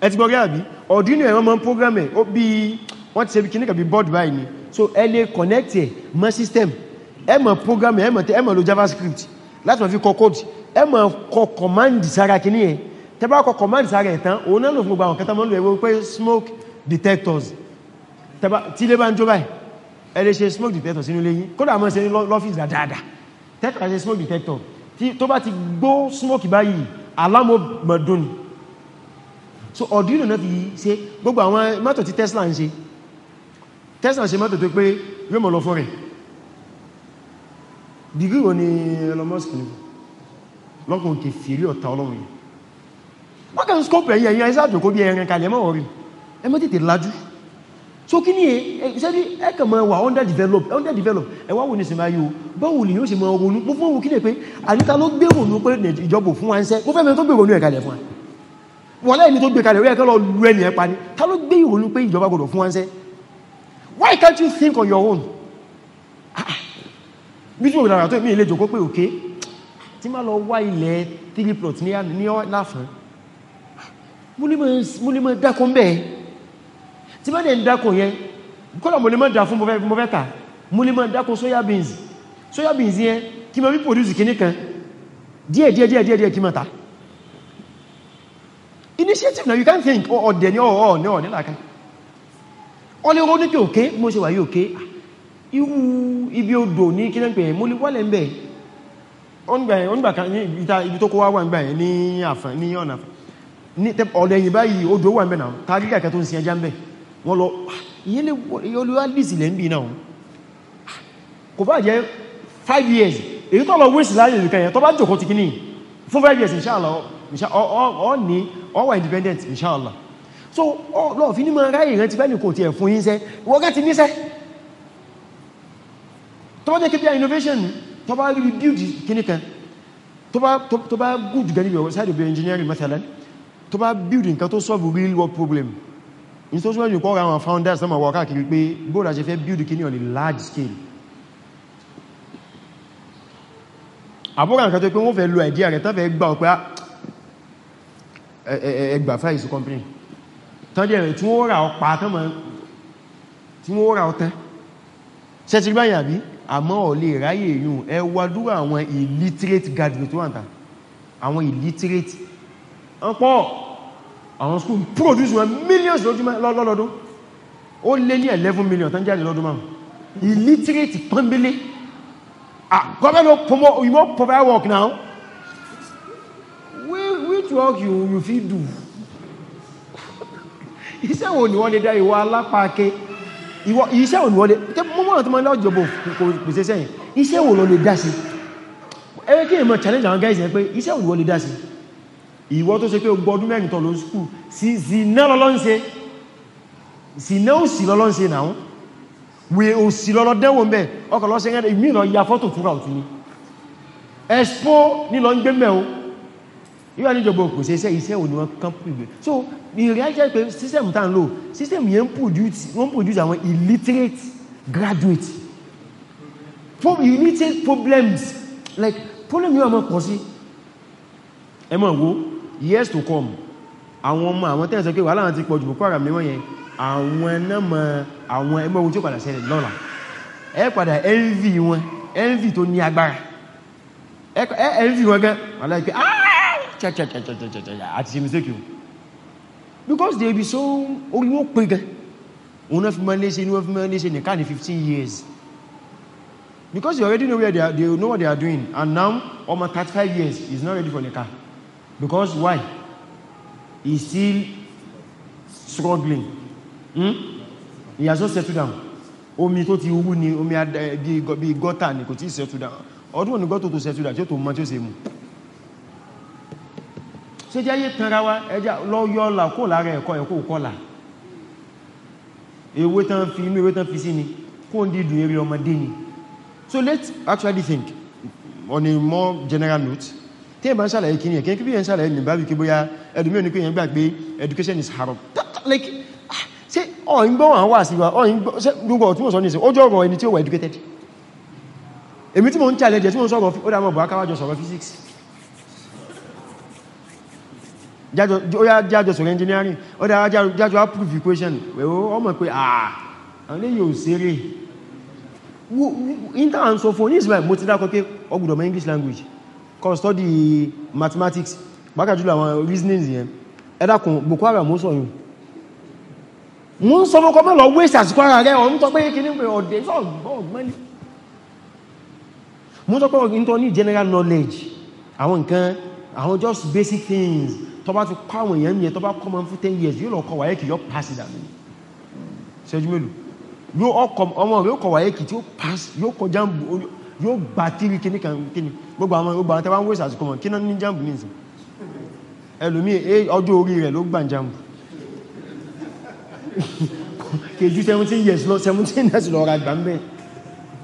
ẹ ti gbọ́gẹ́ àbí ordinium ẹ̀wọ́n mọ́ program ẹ̀ ó bí wọ́n ti ṣe bí kí ní kàbí board by ni so ẹ lè connect ẹ̀ mọ́ system ẹ mọ́ program ẹ mọ́ lo javascript láti mọ́ fi kọ code ẹ mọ́ kọ command sára kí ní ẹ̀ tẹ́ bá kọ command sára ẹ̀ tán òun náà lò fún gbogbo àwọn kẹta mọ́ lò ẹ̀wọ́ pé smoke detectors tí lé bá ń jó báyìí ẹ lè ṣe smoke detector sínú léyìn kódà mọ́ ṣe ní lọ́fíìsì dáadáa tẹ́tà ṣe smoke detector tó bá ti gbọ́ smoke báyìí alámọ̀dún ni so Arduino náà fi ṣe gbogbo àwọn mọ́tò tí Tesla ń ṣe Tesla ṣe mọ́tò tó pé yóò mọ̀ lọ fún rẹ̀ dìgí wo ni Elon Musk ní lọ́kùn kè fèrí ọ̀tá ọlọ́run yìí wọ́n kàn scope ẹ̀yìn ẹ̀yìn ẹ̀sáàjò kó bí ẹ̀rin kalẹ̀ mọ́ ọ̀rí ẹ mọ́ tètè lajú so kí ní ìṣẹ́rí ẹkà ma wà underdeveloped underdeveloped ẹwà wò ní sinmi ayé o báwo lè yóò sì ma ronú mú fún òun kí lè pé àníta ló gbé ronú pé ìjọba fún wa ń sẹ́ mú fẹ́ mẹ́rin tó gbé ronú ẹ̀ kalẹ̀ fún wa wọ́n lẹ́yìn tó gbé kalẹ̀ rí ẹ̀kọ́ lọ lu ẹni ẹ̀ pa ní ta ló gbé ronú pé ìjọba gbọdọ̀ fún wa ń sẹ́ why can't you think on your own bí tí mo dàgbà tó mi ilé jòkó pé òkè tí má lọ wá ilẹ̀ three plot ní láfún ah, mo lè mọ̀ dákọ́ mbẹ́ẹ̀ tí bá dẹ̀ ń dákò yẹn kọ́lọ̀ mo lè mọ́ dà fún mo mo lè mọ́ dákò soya beans soya beans yẹn kí ma bí produce kì ní kan díẹ̀ díẹ̀ díẹ̀ díẹ̀ kí ma initiative na you can think oh, ọ̀dẹ̀ ní ọ̀ọ̀ ní ọ̀dẹ̀ lákan ọlẹ́ ọ̀rọ̀ ní pé òkè mo ṣe wà yí òkè iwu ibi odò ní kí lẹ́pẹ̀ mo lè wọ́lẹ̀ ń bẹ̀ ibi tó kó wá wà ń gbà yẹn ní ọ̀nà ọ̀dẹ̀ yìí báyìí odò wà ń bẹ̀ náà tàbí kàkẹ́ tó ń sin ẹja ń bẹ̀ wọ́n lọ ìyẹn ah, olúwa lìsì lẹ́ ń bí náà ah, kò bá jẹ́ 5 years èyí tó lọ wéṣì láyé ìrìkà yẹn tó bá jòkó ti kíní fún 5 years inṣáàlá ọ ní ọwà independent inṣáàlá so lọ fi ní ma ráyè rẹ ti bẹ́ni kò ti ẹ̀ fún yínṣẹ́ wọ́gá ti níṣẹ́ tó bá jẹ́ kí bí i innovation tó bá rí build kíní kan tó bá good gẹ́ni bí ọwọ́ side of engineering mẹ́tẹ̀lẹ́ tó bá build nǹkan problem In ní tó you call àwọn founders náà wọ́n káàkiri pé bóòlá ṣe fẹ́ build kí ní on a large scale àbúrà nǹkan tó pé wọ́n fẹ́ lo idea rẹ̀ tán fẹ́ gbà ọ̀pẹ́ ẹgbà fẹ́ ìsù company tán dẹ̀ rẹ̀ tí wọ́n rà ọpa tí wọ́n rà ọtẹ́ ṣẹ́tìrí báyìí àbí àmọ́ ò lè ráyè yùn ẹ wádúrà àwọn illiterate graduate wọ́n àwọn illiterate ọ̀pọ̀ àwọn school produce wọn millions lọ́dún ó lé ní 11 million tán jáde lọ́dún márùn illiterate pọ́nbílé ah, government promote you must provide work now which work you you fit do iṣẹ́ wo ni wọ́n lè dá ìwọ alápàáké iṣẹ́ wo ni wọ́n lè tẹ́ mọ́mọ́ àti mọ́ lọ́jọ́bọ̀ kò pèsè sẹ́yìn iṣẹ́ wo lọ lè dá sí ẹgbẹ́ kí èmọ̀ challenge àwọn guys yẹn pé iṣẹ́ wo ni wọ́n lè dá sí ìwọ tó ṣe pé gbọdún mẹ́rin tọ̀ ló ń skú sí zina lọ́lọ́nse zina ó sì lọ́lọ́nse náà wè ó sì lọ́lọ́ dẹ́wò mẹ́ ọkọ̀ lọ́sẹ̀ rẹ̀ ìmí lọ ya fọ́tò túnra òtún ní expo ní lọ ń gbé mẹ́ o ìwà ní ìjọba òkú ṣe iṣẹ́ iṣẹ́ òní wọn kán pùgbé so ìrìn ajẹ́ pé system tá ń lò system yẹn ń produce àwọn illiterate graduate illiterate problems like problem yóò mọ̀ pọ̀ sí ẹ mọ̀ wo years to come àwọn ọmọ àwọn tẹ́lẹ̀ sọ pé wàhálà ti pọ̀ jù Boko Haram níwọ̀n yẹn àwọn ẹnàmọ̀ àwọn ẹgbẹ́ ohun tí ó padà ṣẹlẹ̀ lọ́la ẹ padà envy wọn envy tó ní agbára ẹ envy wọn gan wàhálà pé àti ah, ṣe mistake o because they be so orí wọn pé gan òun náà fi máa léṣe ní wọ́n fi máa léṣe nìkan ní 15 years because you already know where they, are, they know what they are doing and now thirty-five years is not ready for nìkan because why he's still struggling hmm? he has not settled down omi tó ti wú ni omi eh, bí gọ́tà ni kò tí settle down ọdún òní gọ́tò tó settle down tí ó tó mọ́ tí ó ṣe mú ṣe jẹ́ yé tanra wá ẹjá lọ́yọ́ ọ̀là kó lára ẹ̀kọ́ ẹ̀kọ́ kọ́là ewé tán fi inú ewé tán fi sí ni kó ń dídùn eré ọmọdé ni so let's actually think on a more general note tí ẹ bá ń sàlàyé kí ní ẹ̀kẹ́ kí bí ẹ ń sàlàyé ní bábí kí bóyá ẹdùmí òní pé yẹn gbà pé education is haram like ah, ṣe ọ̀yìn gbọ́ wọn wà sí wa ọ̀yìn gbogbo ọ̀tún sọ ní ìsìn ó jọ ọ̀rọ̀ ẹni tí ó wà educated èmi tí mo ń challenge tí mo ń sọ̀rọ̀ ó dá mọ̀ bọ̀ akáwájọ sọ̀rọ̀ physics jájọ sọ̀rọ̀ engineering ó dá jájọ approve equation wẹ̀wọ́ ọmọ pé àà ah, àwọn ilé yóò ṣeré ìntà à ń sọ fún ní ìsìn mo ti dákọ pé ọgbùdọ̀ mọ́ English language kan study mathematics bákàjúlọ àwọn reasonings yẹn ẹ̀dàkùn Boko Haram mú sọ̀yún mú sọ mọ́kọ́ mọ́ lọ wéṣà sí kwara rẹ̀ ọ̀rún tọ́ pé kí ní pé ọ̀dẹ́ sọ̀gbọ́n mú sọ pé ọ̀gbìn tó ní general knowledge àwọn nǹkan àwọn just basic things tó bá ti kọ́ àwọn èèyàn yẹn tó bá kọ́ mọ́ fún 10 years yóò lọ kọ wáyé kì yóò pass it àmì ṣẹ́jú mélòó yóò ọkọ̀ ọmọ rẹ̀ yóò kọ wáyé kì tí ó pass yóò kọjá yóò gbà tírí kí ní kan kí ní gbogbo àwọn gbogbo àwọn tẹwà ń wé ìsàsìkò wọn kí náà ní jambu ní ìsìn ẹlòmí eh, ọjọ́ orí rẹ̀ ló gbà jambu kèjú 17 years lọ 17 years lọ ra gbà ń bẹ́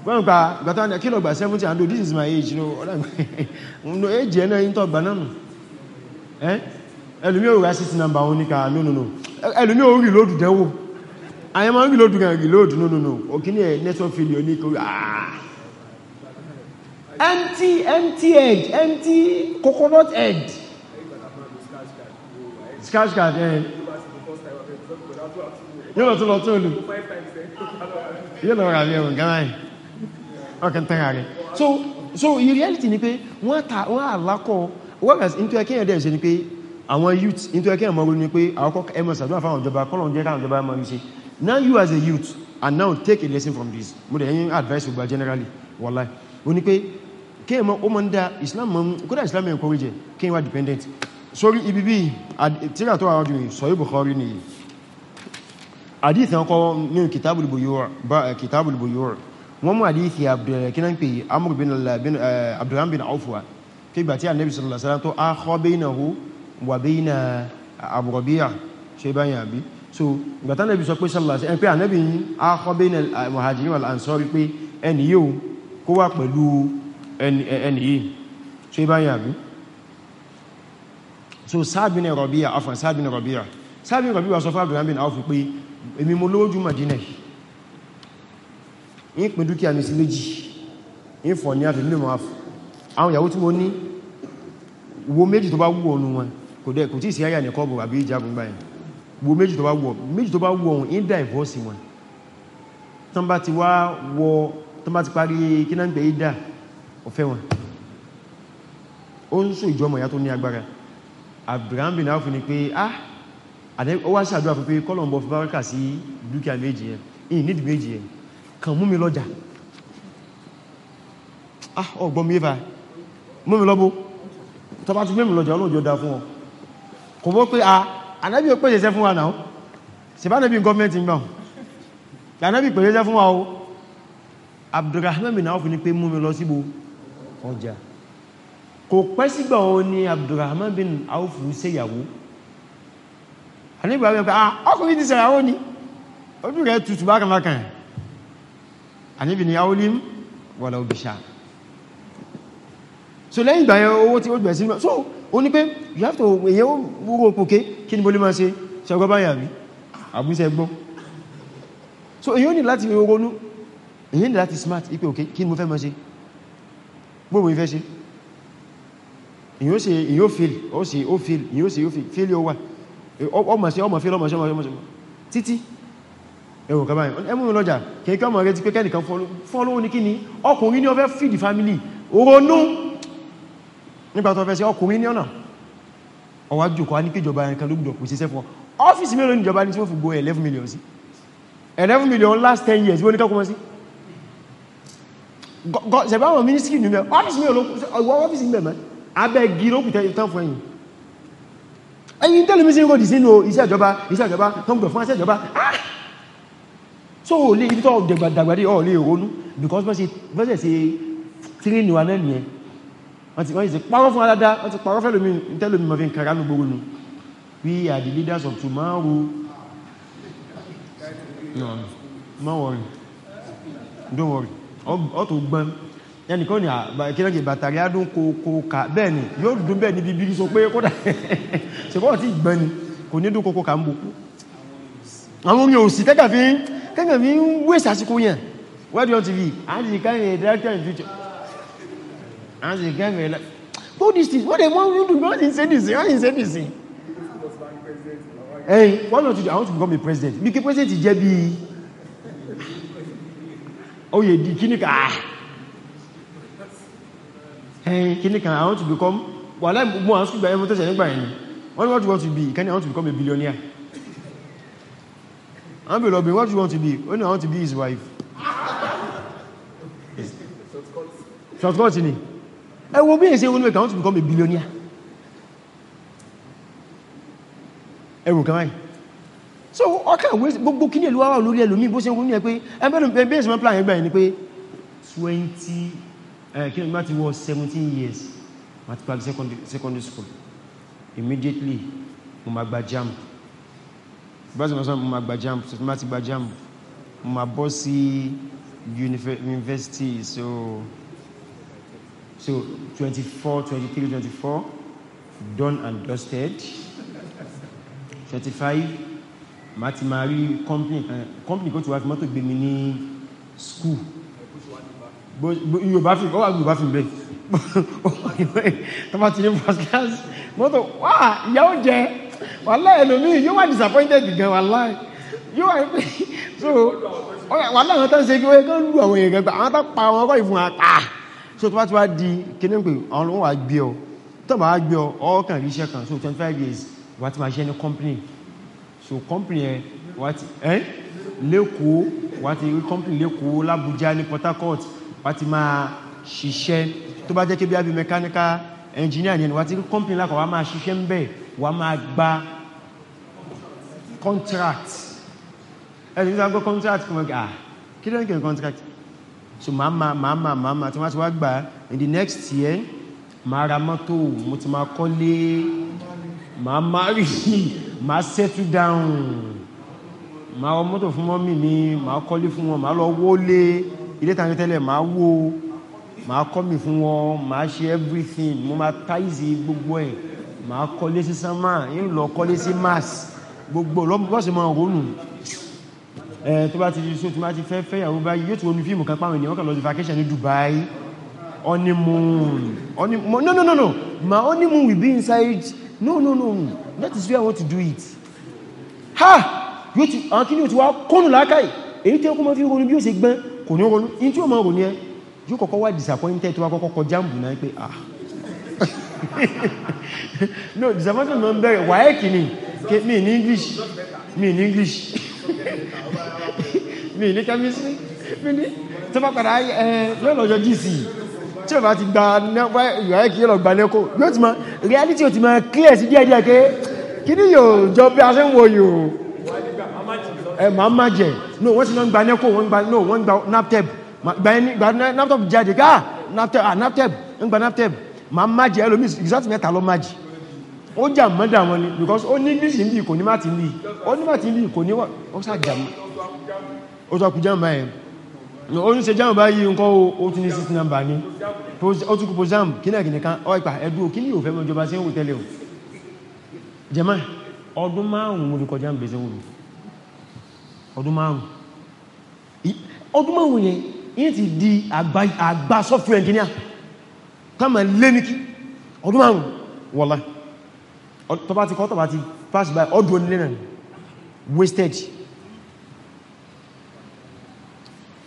wọ́n pa gbàtà ní kílọ̀ gbà 70 and this is my age no ọ̀dà no age ẹ̀ náà ń tọ́ gbà náà eh? ẹlòmí ò rà sí ti nàmbà wọn níka no no no ẹlòmí ò rí lóòdù dẹ́wò àyẹ̀mọ́ rí lóòdù gan rí lóòdù no no no òkí ní ẹ̀ network failure ní kò rí ah. àà empty empty head empty coconut head. scratch card eh. You know, lọ tó you know. lù yóò lọ rà bí ẹ̀wọ̀n gan-an so so in reality ni pé wọ́n ta wọ́n àlákọ̀ whereas into ẹkẹ́ ẹ̀dẹ̀ ṣe ni pé àwọn youth into ẹkẹ́ ẹ̀mọ́ ronú pé àkọ́kọ́ ẹmọ sàdúrà fáwọn ìjọba kọ́lọ̀ jẹ́ káwọn ìjọba máa rí ṣe now you as a youth and now take a lesson from this mo dẹ̀ yín advice gbogbo generally wallahi o ni pé kí ẹmọ o mọ́ ń dá islam mọ́ kódà islam mẹ́ encourage kí ẹwà dependent sórí ibi bí tíra tó àwọn jùlọ sọ Bukhari ni àdíìtì ọkọ̀ ní kitabul buyu' wọ́n mú àdíìtì abdulkinan pé amur bin abdulhan bin eh, aufuwa kí gbà tí annabi sallallahu alaihi wasallam Abu Rabi'a ṣe báyìí àbí so gbàtà nẹ́bí sọ pé sallallahu alaihi wasallam pé annabi akọ baina al-muhajirin wal ansari pé ẹni ẹni yìí ṣe bá yà bí so sáàbìn rọ̀bíyà afọ̀ sáàbìn rọ̀bíyà sáàbìn rọ̀bíyà sọ fún abdullahi bin awf pé èmi mo lówó madina yìí pín dúkìá mi sí méjì yìí fọ̀ ní àtìlú mọ́ afọ̀ àwọn ìyàwó tí mo ní wo méjì tó bá wù ọ̀nù wọn kò dẹ̀ kò tí ì sí àyà nìkan bọ̀ àbí ìjagun báyìí wo méjì tó bá wù ọ̀nù méjì tó bá wù ọ̀hún in divorce wọn tán bá ti wá ọ̀fẹ́ wọn ó ń sọ ìjọmọ̀ ìyá tó ní agbára Abraham bin Auf ni pé ah ó wá ṣàdúrà fún pé kọ́lọ̀mbọ̀ fún báràkà sí dúkìá méjì yẹn ìyìn nídìí méjì yẹn kàn mú mi lọ́jà ah ọgbọ́n mi yéfà mú mi lọ́bó tọba tún mẹ́mì lọ́jà olóòjò dá fún ọ kò mọ̀ pé a ah, anábì ò pèsè fún wa náà sèbánàbí gọ́ọ̀mẹ́ntì ń bọ̀ anábì pèsè fún wa o Abdurrahman bin Auf ni pé mú mi lọ síbo ọjà kò pẹ́ sígbà òun ni Abdurrahman bin Auf ṣèyàwó àníbàbí pé ah, ọkùnrin ti ṣèyàwó ni ojú rẹ̀ tutù bákanbákan àníbì ni aulim wọ̀lá obìṣà so lẹ́yìn ìgbà yẹn owó tí ó gbẹ̀ sínú so ó ní pé you have to èyẹ ó wúrò òkùnké kí ní bolí máa ṣe ṣẹgbọ́ báyà rí àbúṣẹ́ gbọ́ so èyí ó ní láti ronú èyí ní láti smart ipé òkè kí ní mo fẹ́ máa ṣe gbogbo ìfẹ́ ṣe ìyó fèlì ó sì ó fèlì ìyó sì ó fèlì ó wà ọmọ sí ọmọ fèlì ọmọ sí ọmọ sí títí ẹwọ kaba yìí ẹmú mi lọ́jà kẹ́kẹ́ ọmọ rẹ ti pé kẹ́nìkan fọ́lọ́wọ́ ní kí ni ọkùnrin ní ó fẹ́ feed family ronú nígbà tó fẹ́ sí ọkùnrin ní ọ̀nà ọwá jòkó a ní kí ìjọba ẹnìkan ló gbùdọ̀ kò síṣẹ́ fún ọ́fíìsì mélòó ní ìjọba ní tí wọ́n fi gbó 11 million sí million last 10 years wọ́n ní kọ́kọ́ sí ṣẹ̀bá àwọn mínísítì ní mẹ́ ọ́fíìsì mi ọwọ́ ọ́fíìsì mi mẹ́ abẹ́ gíró kùtẹ́ ìtàn fún ẹ̀yìn ẹ̀yìn tẹ́lẹ̀ mi sí ìrọ̀dì sínú iṣẹ́ ìjọba iṣẹ́ ìjọba tó ń gbẹ̀ fún iṣẹ́ ìjọba ah! so lè ibi tó dàgbàdì ọ̀ lè ronú because bọ́sẹ̀ sí tírínì wa náà nìyẹn wọ́n ti parọ́ fún aládá wọ́n ti parọ́ fẹ́lómi tẹ́lómi mọ̀ fi ń kàránú gbogbo nù we are the leaders of tomorrow no, no worry don't worry ọ̀tọ̀ gbọ́n ẹnìkan ní àkílẹ́kì bàtàrí adún kòkòkà bẹ́ẹ̀ ni yóò dùn bẹ́ẹ̀ níbi bí so pé kódà ṣekọ́ tí gbọ́n ni kò ní dún kòkòkà ń bukú àwọn orin òsì kẹ́kà ń wéṣ àsìkò yẹn wẹ́dí on tv àti kẹ́rin director in future àti kẹ́rin all these things what they want you to do not in say this not in ẹ̀yìn wọ́n lọ i want to become a president bí kí president jẹ́ oyè di kíní kan ah ẹn kíní kan i want to become wà láì mú àwọn ṣùgbà ẹmọ tẹ́sẹ̀ nígbà ẹni wọ́n ni what you want to be ìkan i want to become a billionaire àwọn bèèrè ọbìn what you want to be ó ní i want to be his wife shortcut ni ẹ wo bí èsì ewu ní i want to become a billionaire ẹ wò kan báyìí so ọkàn wé gbogbo kí ní èlú wà lórí ẹlòmí bó ṣe ń gúnlẹ̀ pé ẹgbẹ́sìmọ́ plan ẹgbẹ́ ẹni pé 20 kí ní láti wọ 17 years àti parí secondary school immediately mo ma gba jam báṣìmọ́sán mo ma gba jam so ma ti gba jam mo ma bọ́ sí university so so 24 23 24 done and dusted 25 ma ti ma rí company kan company kó ti wá fi mọ́tò gbé mi ní school yorùbá fi ọwà yorùbá fi bẹ́ tọ́bá ti ní first class mọ́tò wà ìyàwó jẹ wàláì ẹlòmí yóò wà disappointed gan wàláì yóò wà pé so wàláì àwọn tán ṣe kí wọ́n kán lù àwọn èèyàn gan gbà àwọn tán pa àwọn ọkọ̀ ìfún àpá so tọ́bá ti wá di kíní pé àwọn olówó wà gbé ọ tọ́bá wá gbé ọ ọkàn ríṣẹ́ kan so five years wà ti máa ṣe ní company so company what? wá ti ẹ́ lẹ́kọ̀ọ́ wá company lẹ́kọ̀ọ́ l'Abuja ní Port Harcourt wá ti máa ṣiṣẹ́ tó bá jẹ́ kí bí i mechanical engineer ni wá ti company lákọ̀ wá máa ṣiṣẹ́ ń bẹ̀ wá máa gba contract ẹ̀sìn tí wọ́n gbọ́ contract kí wọ́n gbà ah, kí ló ń kí contract so màmá màmá màmá tí wọ́n ti wá gbà in the next year màá ra mọ́tò mo ti máa kọ́lé màá má rí yìí set you down màá wọ mọ́tò fún mọ́mì mi màá kọ́lé fún wọn màá lọ wọlé ilé tàbí tẹ́lẹ̀ màá wó màá kọ́mì fún wọn màá ṣe everything mo máa táìsì gbogbo ẹ̀ màá kọ́lé sí sánmà ń lọ kọ́lé sí mars gbogbo lọ́sẹ̀ máa ronú ẹ̀ tó bá ti so tó bá ti fẹ́ fẹ́yàwó báyìí yóò ti wọnú fíìmù kan páwọn ènìyàn kan lọ sí vacation ní Dubai honeymoon honeymoon no no no no my honeymoon will be inside no no no that is where i want to do it ha yóò ti àwọn kí ní o ti wá kónù láákàí èyí tí ó kó mọ́ fi ronú bí ó ṣe gbọ́n kò ní ronú in tí ó mọ́ ronú ẹ yóò kọ́kọ́ wá disappointed tó wá kọ́kọ́ kọ jáàmù náà pé ah no disappointed náà bẹ̀rẹ̀ wà ẹ́kì ni mi in english mi in english mi in chemistry mi ní tó bá padà eh, lọ́lọ́jọ́ gc tí o bá ti gba ìwà kí lọ gba nẹ́kọ́ yóò ti ma reality o ti ma clear sí díẹ̀ díẹ̀ ké kí ní yóò jọ bí a ṣe ń wo yóò ẹ ma má jẹ no wọ́n ti lọ gba nẹ́kọ́ wọ́n gba no wọ́n gba naptep gba naptep jáde ká naptep ń gba naptep ma ah, ah, má jẹ ẹlòmí ìsáàtì mẹ́ta lọ má jì ó jà mọ́dà wọn ni because ó ní english ní ìkò ní má ti ní ó ní ìkò ní wọ́n ó sá jà mọ́ ó ń ṣe jáàmù báyìí ń kọ́ ó tún ní six number ní ó tún kú pòsíàmù kí náà kìnnìkan ọ ìpà ẹ̀dù kí ní òfẹ́ mọ́jọba sí òwò tẹ́lẹ̀ o jẹ́mà ọdún márùn-ún mo fi kọjá ń bèsè òwò ọdún márùn-ún ọdún márùn-ún yẹn yìí ti di àgbà software engineer kama lẹ́nìkí ọdún márùn-ún wallahi tọba ti kọ́ tọba ti pass by ọdún onílẹ̀ náà wastage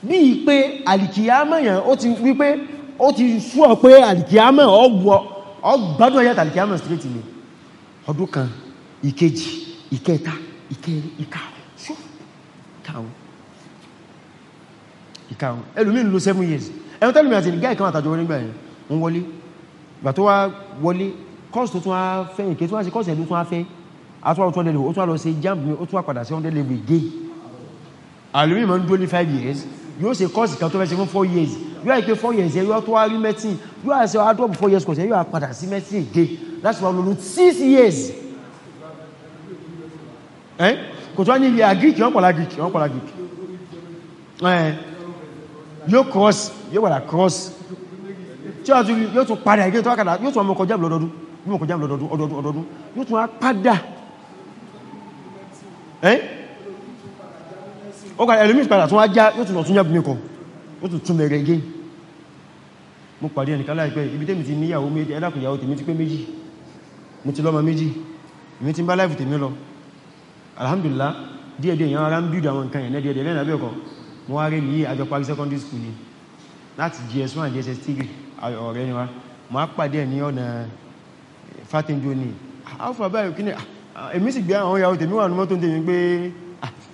bí i pé alìkìyàmọ̀ yàn ó ti wípé ó ti súọ̀ pé alìkìyàmọ̀ ọgbọ̀ ọgbọ̀dọ̀ yàtà alìkìyàmọ̀ straight ni ọdún kan ìkejì ìkẹta ìkẹrin ìkarùn ẹlòmíì lò seven years ẹ̀rùn tẹ́lùmí àti ìgbà ìkan àtàjọ onígbà ẹ̀ ń wọlé ìgbà tó wá wọlé kọ́ọ̀sì tó tún wá fẹ́ ìké tó wá sí kọ́ọ̀sì ẹ̀dún tún wá fẹ́ àtúwà tó lẹ́lẹ̀ ó tún wá lọ sí jamb ó tún wá padà sí 100 level gay alùmí ma ń dúró ní 5 years yóò ṣe kọ́ọ̀sì kan tó fẹ́ ṣe fún four years yóò àìpé four years yẹn yóò tó wá rí medicine yóò àṣẹ adọ́bù four years kọ́ọ̀sì yẹn yóò àpadà sí medicine again láti wà lóru six years kò tó wá ní ilé agric wọ́n pọ̀lá agric wọ́n pọ̀lá agric yóò cross yóò padà cross tí wọ́n tún yóò tún padà ìgbé tó wá kàdà yóò tún ọmọ kọjá lọ́dọọdún yóò tún wá padà ó kàrẹ ẹlòmí ìpàdà tó wá já yóò tún lọ tún yàbùmí kan ó tún tún bẹ̀rẹ̀ gẹ́ mo pàdé ẹnìkan láìpẹ́ ibi tẹ́mi ti níyàwó méjì ẹlàkùn ìyàwó tèmi ti pé méjì mo ti lọ́mọ méjì èmi ti ń bá láìfù tèmi lọ alhamdulillah díẹ̀díẹ̀ yẹn ara ń bídò àwọn nǹkan yẹn díẹ̀díẹ̀ lẹ́nà abẹ́ọ̀kọ́ mo wá rí ní àjọ parí secondary school ni láti gs1 gs3 ọ̀rẹ́ ni wa mo á pàdé ẹ̀ ní ọ̀nà fatinjo ni alfa báyìí kí ni èmi sì gbé àwọn ìyàwó tèmi wà ní mọ́tò tèmi pé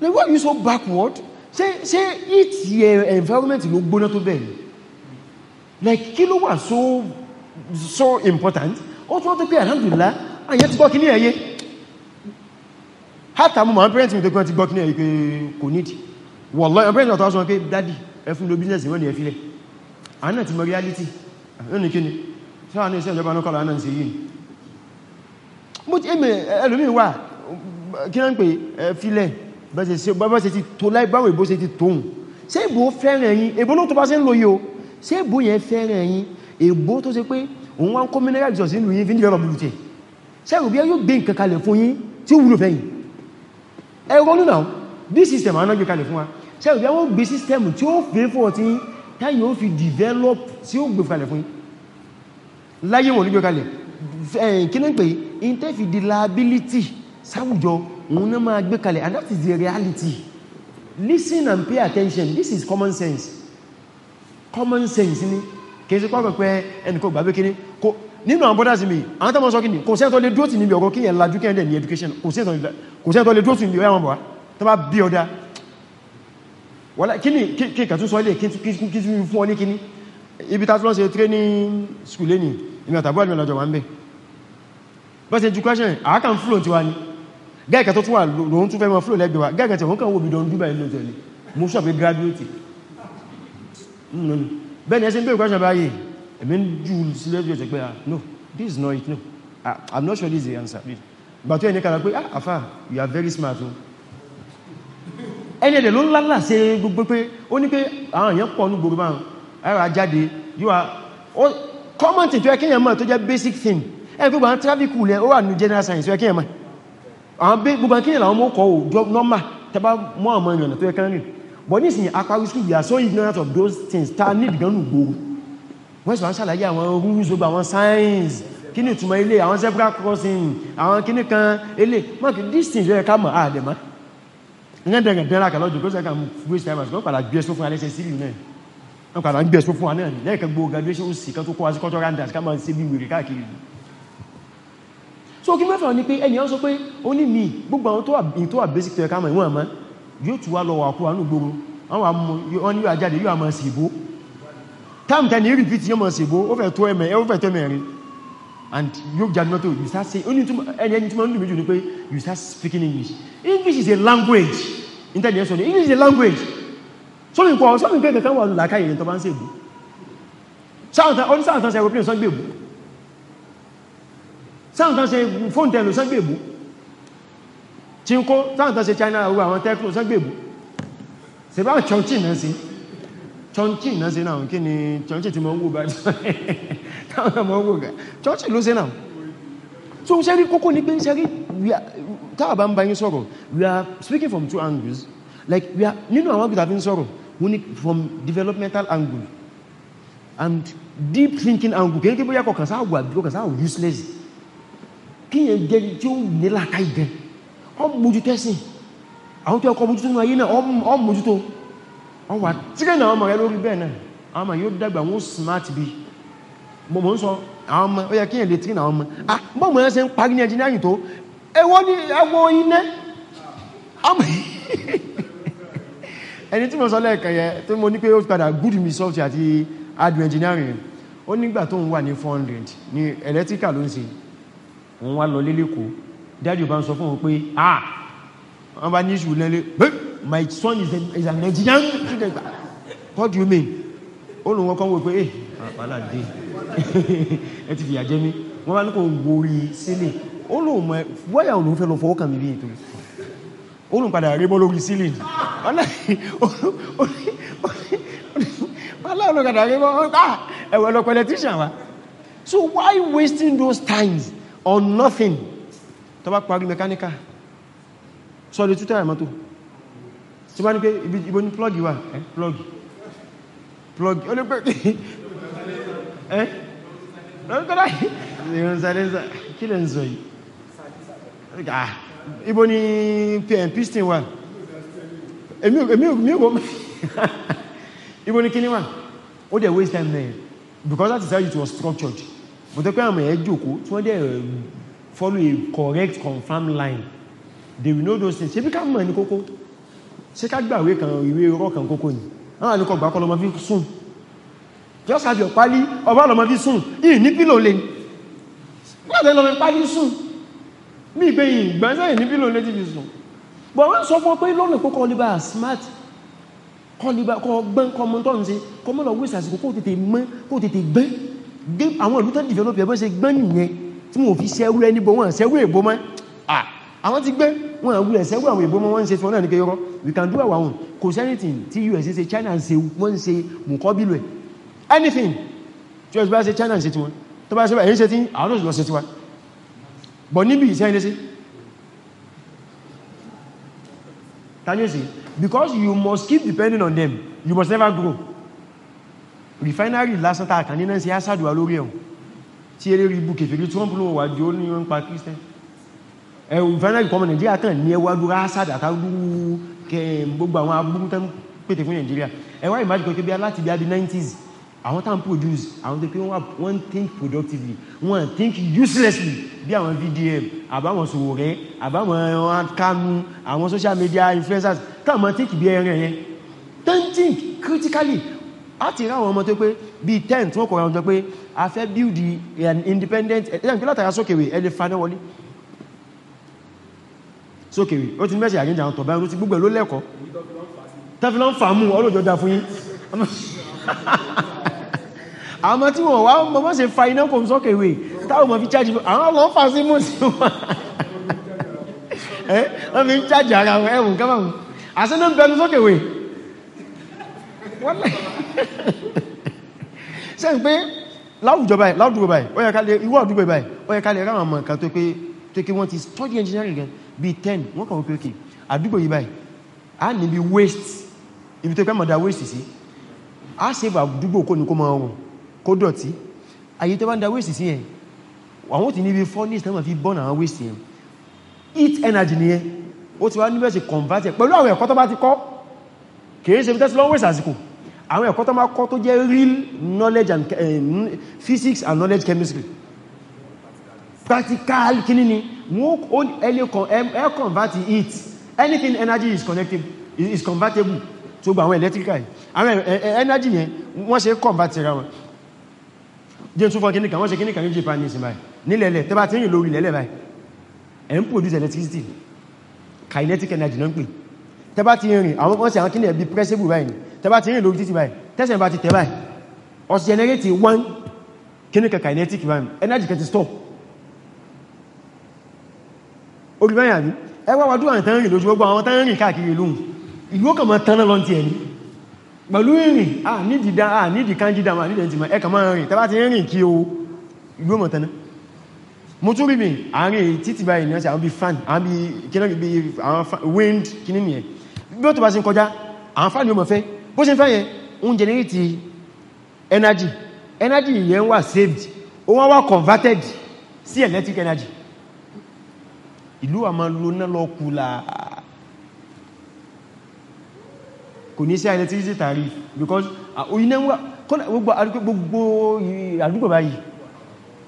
Like, why are you so backward? Ṣé ṣé ìtì environment ló gbóná tó bẹ́ẹ̀ Like, kí ló wà so so important? Ó tún wọ́n tó pé alhamdulillah, àyẹ́ ti gbọ́ kí ní ẹ̀yẹ. Hátà mú màá parents mi tó kọ́ ti gbọ́ kí ní ẹ̀yẹ pé kò nídìí. Wallahi, àwọn parents ọ̀tọ́ sọ pé daddy, ẹ fún lo business wọ́n ni ẹ filẹ̀. Àwọn náà ti mọ reality. Àwọn ní kí ni? Ṣé àwọn iṣẹ́ ìjọba náà kọ́lá náà ń ṣe yìí? Mo ti ẹ̀mẹ̀ ẹlòmíì wà kí náà ń pè filẹ̀ bẹ́ẹ̀ ṣe ti tó láìbáwò ìbó ṣe ti tóhun ṣe ìbò fẹ́ràn yín ìbò ló tó bá ṣe ń lòye o ṣe ìbò yẹn fẹ́ràn yín ìbò tó ṣe pé òun wá ń kó mineral resource nínú yín fi ń dìrọ̀ bùrùtẹ̀ ṣe ìbò bí yóò gbé nǹkan kalẹ̀ fún yín tí ó wúlò fẹ́yìn ẹ̀rọ nínà bí system àná gbé kalẹ̀ fún wa ṣe ìbò wọ́n gbé system tí ó fẹ́ fún ọtí yín táyì ó fi develop tí ó gbé kalẹ̀ fún yín láyé wọn ní gbé kalẹ̀ kí ní pé in tẹ́ fi di liability sáwùjọ òun náà máa gbé kalẹ̀ and that is the reality listen and pay attention this is common sense common sense ni kìí sí pọ́pẹ̀pẹ́ ẹnìkò gbàgbé kí ní kò nínú àwọn brothers mi àwọn tọ́mọ̀ sọ kí ní kò sí ẹ̀tọ́ lè dúró tì níbi ọ̀rọ̀ kí yẹn lajú kẹ́ẹ̀dẹ̀ ní education kò sí ẹ̀tọ́ lè dúró tì níbi ọ̀rọ̀ tó bá bí ọ̀dá kí ní kí kàtún sọ ilé kí tún fún ọ ní kí ní ibi tá tún lọ ṣe training school lẹ́ni ìmì àtàbọ̀ àdìmọ̀lájọ̀ wà ń bẹ̀ bọ́ gẹ́ẹ̀kẹ́ tó tún wà lóun tún fẹ́ mọ́ flow lẹ́gbẹ̀ẹ́ wa gẹ́ẹ̀kẹ́ tí wọ́n kàn wò bí dọ̀ndúbà ilé tẹ̀lé mo sọ pé graduate hmm, bẹ́ẹ̀ni ẹsẹ̀ ń bẹ̀rẹ̀ question báyìí ẹ̀mí ń jù sílẹ̀ jù ẹ̀sẹ̀ pé ah, no this is not it no ah, i'm not sure this is the answer gbàtú ẹni kàrà pé ah afa you are very smart o ẹni ẹ̀dẹ̀ ló ń lálà ṣe gbogbo pé ó ní pé àwọn èèyàn pọ̀ ní gbogbo bá ara jáde yíwa common thing tó ẹkẹ́yàn mọ̀ tó jẹ́ basic thing ẹgbogbo traffic rule ó wà ní general science tó ẹkẹ́yàn mọ̀ àwọn bí gbogbo akíyàn àwọn mọ́kọ̀ òjò normal tẹbá mọ́ àmọ́ ìrìnà tó yẹ kán rìn but ní ìsìn apárí school we are so ignorant of those things ta ní ìdánù gbogbo wọ́n sì wá ń ṣàlàyé àwọn rules gbogbo àwọn signs kí ni ìtumọ̀ ilé àwọn zebra crossing àwọn kíní kan ilé mọ́kì these things yẹ ká mọ̀ àdẹ̀mọ́ ìrẹ́dẹ̀rẹ̀ dẹ́ra kà lọ́jọ́ kó waste time àti ọ̀pàdà gbé ẹ̀sùn fún alẹ́sẹ̀ sílì náà ọ̀pàdà gbé ẹ̀sùn fún so kí mẹ́fà ní pé ènìyàn sọ pé ó ní mi gbogbo àwọn tó wà basic tó ẹ̀kámọ̀ ìwọ̀n àmá yóò tún wá lọ́wọ́ àkúwà ní gbogbo wọ́n ní àjáde yóò àmà síbó táàmù tẹ́ni rí fìtì yóò mọ̀ síbó ó fẹ́ tó ẹ̀mẹ̀ ó fẹ́ tó mẹ́rin and yóò jáde mọ́tò you start say ẹni tí ma ń lù méjì ní pé you start speaking English English is a language international English is a language sọ́mì kọ́ sọ́mì kẹ́kẹ́ kan wà lákàyè tó bá ń sèbó sáàtàn sẹ́wọ́pín sọ́gbèbó sáwọn tán ṣe fóòn tẹ́lù sọ́gbèbú tí ń kó sáwọn tán ṣe China owó àwọn tẹ́kùn sọ́gbèbú ṣe bá chọ́nchín náà sí chọ́nchín náà sí náà kí ni chọ́nchín ti mọ́ wó bá táwọn mọ́ wó gà chọ́nchín ló sí náà so ń ṣẹ́rí kókó ní pé ń ṣẹ́rí táàbá ń bá yín sọ̀rọ̀ we are speaking from two angles like we are nínú àwọn àgbìtà fi ń sọ̀rọ̀ wọ́n ni from developmental angle and deep thinking angle kìí kí bóyá kọ̀kan sáà wà bí kọ̀kan sáà useless kíyàn jẹ́ tí ó nílà káì gan ọmọ mójútó ẹ̀sìn àwọn tó ẹkọ mójútó ní ayé náà ọmọ mójútó wọ́n wà tíkẹ́ náà ọmọ rẹ lórí bẹ́ẹ̀ náà àwọn ọmọ yóò dàgbà wọ́n smart bí mo mọ́ ń sọ àwọn ọmọ ó yẹ kíyàn lè ah bọ́ọ̀mọ̀ ẹ̀ ṣe ń parí ní ẹjìnlẹ́yìn tó ẹwọ́ ní ẹwọ́ iná ẹni tí mo sọ lẹ́ẹ̀kan yẹ tó ní pé ó good me software àti engineering ó nígbà tó ń wà ní 400 electrical ló wọ́n wá lọ lélẹ́kọ́ dájú bá ń sọ fún wọn pé ah wọ́n bá ní ìṣù lẹ́lẹ́ my son is a, is a Nigerian student what do you mean olùwọ́n kan wò pé eh àpàlà dé ẹ ti fìyà jẹ mí wọ́n bá ní kò gborí sílẹ̀ olùmọ̀ wáyà olùwọ́n fẹ́ lọ fọwọ́ kàn mí bí ètò olùpadà rí bọ́ lórí sílẹ̀ aláàlọ́kadà rí bọ́ ah, ẹ̀wẹ̀ lọ pẹ̀lẹ́tíṣàn wa so why wasting those times on nothing tó bá parí mechanical so le tuta mọ́tò tó bá ní pé ibo ni plug wà eh plug plug ó lè pé eh lọ́nà kọ́dá ìrìn silencer kí lè ń sọ yìí ah, ibo ni pn piston wà èmi ò ibo ni kíní wà ó dẹ̀ waste time there because that is how it was structured mo tẹ́ pé àwọn ẹ̀ jòkó tí wọ́n dẹ̀ um, follow a correct confirmed line they will know those things ṣe bí ká mọ̀ ní kókó ṣe ká gbàwé kan ìwé ọ̀rọ̀ kan kókó ni àwọn àníkọ̀ gbà kọ́ lọ́mọ fi sùn just have your pali ọba lọ́mọ fi sùn yìí ní pílò lè gbọ́dẹ̀ lọ́mọ pali sùn ní ìgbé yìí gbẹ́sẹ̀ ní pílò lè ti fi sùn but wọ́n sọ fún pé lọ́nà kó kọlíbà smart kọlíbà kọ gbọ́n kọmọ tọ́nù sí kọmọ́lọ̀ wíṣàsì kó tètè mọ́ kó tètè gbẹ́ dé àwọn ìlú tó develop ẹ̀bọ́n ṣe gbọ́n nìyẹn tí wọ́n fi sẹ́rú ẹni bọ́ wọ́n sẹ́rú èbó mọ́ àwọn ti gbé wọ́n àwúrẹ̀ sẹ́rú àwọn èbó mọ́ wọ́n ṣe tí wọ́n náà ní kẹyọrọ we can do our own kò sí anything tí US ṣe China ṣe wọ́n ṣe mùkọ́ bílù ẹ̀ anything tí US bá ṣe China ṣe tiwọn tó bá ṣe bá ẹ̀yìn ṣe tí àwọn òṣèlú ṣe tiwa bọ̀ níbi ìṣẹ́ ilé sí ta ní because you must keep depending on them you must never grow refinery lásán tàà kàn nínú sí asádùwà lórí ẹ̀hùn tí eré rí bukè fèrè trump ló wà jí ó ní wọ́n pa christian ẹ̀hùn refinery kọmọ Nigeria kàn ní ẹwàdúrà asádà kárú gbogbo àwọn abúrútán pètè fún Nigeria ẹwà ìmájúkọ pé bí aláti bí i 90s àwọn tàn produce àwọn tó pé wọ́n think productively wọ́n think uselessly bí àwọn VDM àbáwọn sòwò rẹ̀ àbáwọn kánú àwọn social media influencers tàn mọ́ think bí ẹran yẹn tán think critically a ti ráwọn ọmọ tó pé bí 10 tí wọ́n kọ̀rọ̀ ọjọ́ pé a fẹ́ build an independent ẹ̀yàn pé látara sókèwé ẹlẹ́ fanáwọlé sókèwé ó ti mẹ́sì àríjà àwọn tọ̀bá ẹ̀rùn ti gbogbo ló lẹ́kọ̀ọ́ tẹ́fìlá ń fàámù ọlọ́jọ́dá fún yín àmọ́ tí wọ́n wá mọ́ mọ́ sí fa iná kò ń sókèwé táwọn mọ́ fi chájì àwọn ọlọ́ fà sí mú sí wọ́n fi ń chájì ara ẹ̀rùn kẹ́mọ̀ àṣẹ́ náà bẹnu sókèwé wọ́n lẹ́ sẹ́yìn pé láwùjọ báyìí láwùjọ báyìí ó yẹ ká lè ìwọ́ àdúgbò báyìí ó yẹ ká lè ráwọn mọ̀ǹkan tó pé tó kí wọ́n ti study engineering gan bí 10 wọ́n kàn wípé òkè àdúgbò yìí báyìí a níbi waste ibi tó pẹ́ mọ̀dá waste sí a save àdúgbò kó ní kó máa rùn kó dọ̀tí àyè tó bá ń da waste sí yẹn àwọn ti níbi furnace náà fi burn àwọn waste yẹn heat energy ni yẹn ó ti wá níbẹ̀ sí convert pẹ̀lú àwọn ẹ̀kọ́ tó bá ti kọ́ kìí ṣe fi tẹ́sí lọ́wọ́ waste àsìkò àwọn ẹ̀kọ́ tó máa kọ́ tó jẹ́ real knowledge and um, physics and knowledge chemistry practical kìíní ni wọ́n air convert it anything energy is connected is convertible tó gba àwọn electrical àwọn eh, eh, energy yẹn wọ́n ṣe convert ra wọn jẹ́ tún fún kíníkà wọ́n ṣe kíníkà ní Japan ní ìsìn báyìí nílẹ̀lẹ̀ tẹ́bà tí yìí lórí lẹ́lẹ̀ báyìí ẹ̀ ń produce electricity kinetic energy náà ń pè tẹba ti rìn àwọn kan sí àwọn kí ní ẹ̀bí pressable báyìí tẹba ti rìn lórí títì báyìí tẹ́sẹ̀ bá ti tẹ̀ báyìí ó sì generate one chemical kinetic báyìí energy can stop orí báyìí àbí ẹwà wà dúwà tán rìn lójú gbogbo àwọn tán rìn káàkiri lóhun ìlú ó kàn máa tán lọ ti ẹni pẹ̀lú ìrìn à nídìí dá à nídìí kánjídá mà nídìí ẹ̀ntìmọ̀ ẹ̀kà máa rìn tẹ́bá ti rìn kí o ìlú ọmọ tán náà mo tún rí mi àárín títì báyìí ní ọ̀sẹ̀ àwọn bí fan àwọn bí wind kí ní nìyẹn bí ó tó bá sí kọjá àǹfààní ọmọ fẹ́ bó ṣe fẹ́ yẹn ń generate energy energy yẹn wà saved ó wá wá converted sí electric energy ìlú àmà lóná lọ kúlà kò ní sí electricity tariff because òyìnà wà gbogbo àdúgbò báyìí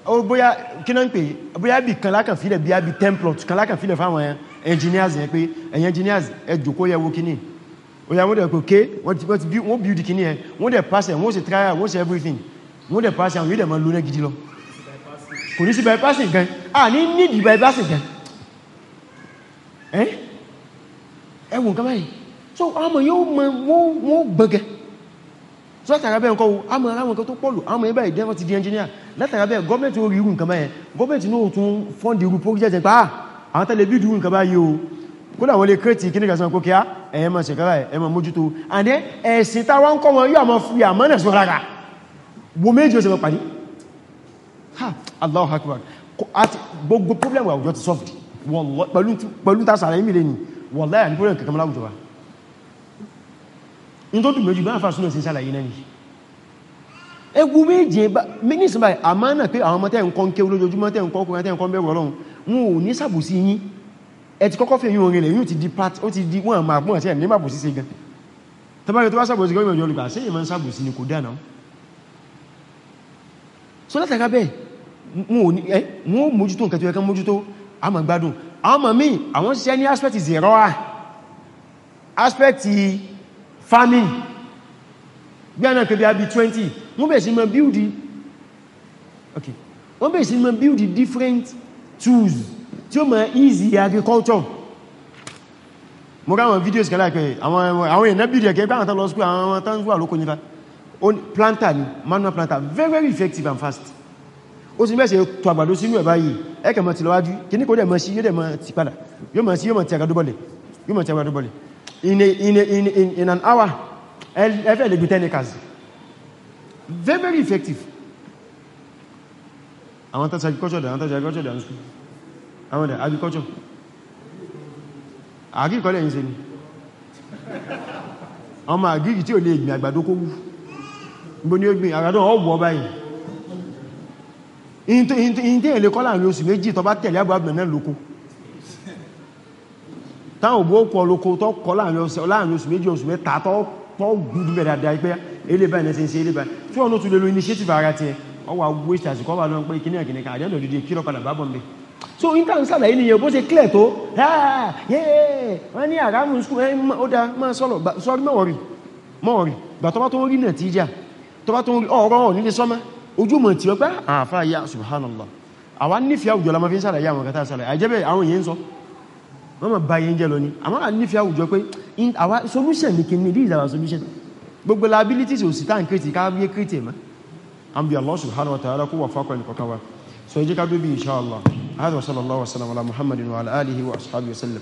ó bóyá kí náà ń pè bóyá bí kan lákànfilẹ̀ bí i 10 plots kan lákànfilẹ̀ fáwọn ẹ̀yàn engineers yẹn pé ẹ̀yin engineers ẹ jókòó yẹ̀ wò kíní oya wọ́n dẹ̀ pé ké wọ́n build kíní ẹ wọ́n dẹ̀ pass ẹ̀ wọ́n ṣe trial wọ́n ṣe everything wọ́n dẹ̀ pass ẹ̀ wọ́n dẹ̀ mọ́ lónà gidi lọ kò ní sí bypassing gan a ní nídi bypassing gan ẹwùn kan báyìí so àmọ́ yóò mọ wọ́n gbọ́gẹ́ so látara bẹ́ẹ̀ nǹkan àmọ́ aráwọn nǹkan tó pọ̀lù àmọ́ ẹbẹ́ ìdẹ́fọ́ ti di engineer látara bẹ́ẹ̀ gọ́ọ̀mẹ́ntì orí irú nǹkan báyẹn gọ́ọ̀mẹ́ntì náà tún fọ́ndì irú project pàá àwọn tẹ́lẹ̀ bí dùn kaba yíò kódà wọlé kírètì kí ní kàṣán kó kíá ẹ̀yẹmà ṣẹ̀kára ẹ̀mà mójútó àdẹ́ ẹ̀sìn tàwa ń kọ́ wọn yóò àmọ́ fi àmọ́ nẹ̀ sọ́ra rà wo méjì ha Allahu Akbar àti gbogbo problem problem wa ní tó dùn méjì bá ń fa súnà sí sálàyé náà ni egun méje nísìnbáyìí àmọ́ náà pé àwọn ọmọ tẹ́ ń kọ́ ń kéwú lójoojúmọ́ tẹ́ ń kọ́ ọkùnrin tẹ́ ń kọ́ ń bẹ̀rù Ọlọ́run wọn ò ní sàbòsí yín ẹ ti kọ́kọ́ fẹ́ yín orin rẹ̀ yíò ti di part ó ti di wọ́n ma pọ́n àti ẹ̀ ní màbòsí sí gan tọ́bárí tó bá sàbòsí gan ìmọ̀jọ́ olùgbà sẹ́yìn máa ń sàbòsí ni kò dáná so látàkà bẹ́ẹ̀ wọn ò mójútó nǹkan tó yẹ kán mójútó àmà gbádùn àmà míì àwọn ṣiṣẹ́ ní aspect zero aspect farming bí a náà kẹbí abi 20 wọ́n bẹ̀rẹ̀ sí máa build okay wọ́n bẹ̀rẹ̀ sí máa build different tools tí ó mọ̀ easy agriculture mo ká àwọn videos kẹ́lá pẹ̀ àwọn èèyàn I rẹ̀ kẹ́gbẹ́ àwọn tán lọ school àwọn tán wà lókò nípa planter ni manual planter very very effective and fast ó sì mẹ́sẹ̀ tó àgbàdo sínú ẹ̀ báyìí ẹ̀kẹ̀ mọ̀ ti lọ́wájú kí ní kò dẹ̀ mọ̀ sí yóò dẹ̀ mọ̀ ti padà yóò mọ̀ ti àgbàdo bọ̀lẹ̀ yóò mọ̀ ti àgbàdo bọ̀lẹ̀ in, in, in, in an hour ẹfẹ́ lè gbé 10 acres very very effective àwọn tàbí agriculture àwọn tàbí agriculture dànù skú àwọn dà agriculture àgíkọ́lẹ̀ yìí se ni ọmọ àgíkì tí ò lè gbìn àgbàdo kó wú gbó ní ó gbìn àgbàdo ọwọ́ báyìí in tí èlé kọ́lá ní oṣù méjì tó bá tẹ̀lé àbúrà gbẹ̀mẹ́ lóko táwọn òbó kọ lóko tó kọ láàrin oṣù méjì oṣù mẹ́ta tó gbùdú mẹ́dàdà ipẹ́ elébà ẹ̀nẹ́sẹ̀ sí elébà tí wọ́n ló tún lè lo initiative ara ti ẹ̀ ọwà waste àsìkò wà lọ́n pé kíní ẹ̀kìní kan àjẹ́lò dídí kí lọ́padà bá bọ̀ mẹ́ so intern sàlàyé nìyẹn bó ṣe clear tó wọ́n ní àrámù skú ó dá máa sọ́lọ̀ sọ́rí mọ́ọ̀rì mọ́ọ̀rì gbà tọ́bá tó ń rí náà tíjà tọ́bá tó ń rí ọ̀rọ̀ nílé sọ́mọ́ ojú mọ̀ tí wọ́n pẹ́ ah, àfá ya subhanallah àwa nífẹ̀ẹ́ àwùjọ la ma fi ń sàlàyé àwọn kẹta sàlàyé àjẹ́bẹ̀ àwọn èèyàn sọ wọ́n ma ba yẹn jẹ́ lọ ní àmọ́ à nífẹ̀ẹ́ àwùjọ pé àwa solution ní kìíní this is our solution gbogbo liabilities ò sí tá à ń kìrìtì ká yé kìrìtì mọ́ ان بي الله سبحانه وتعالى كو وفاق ان كوكوا سو يجي كادو ان شاء الله هذا صلى الله وسلم على محمد وعلى اله واصحابه وسلم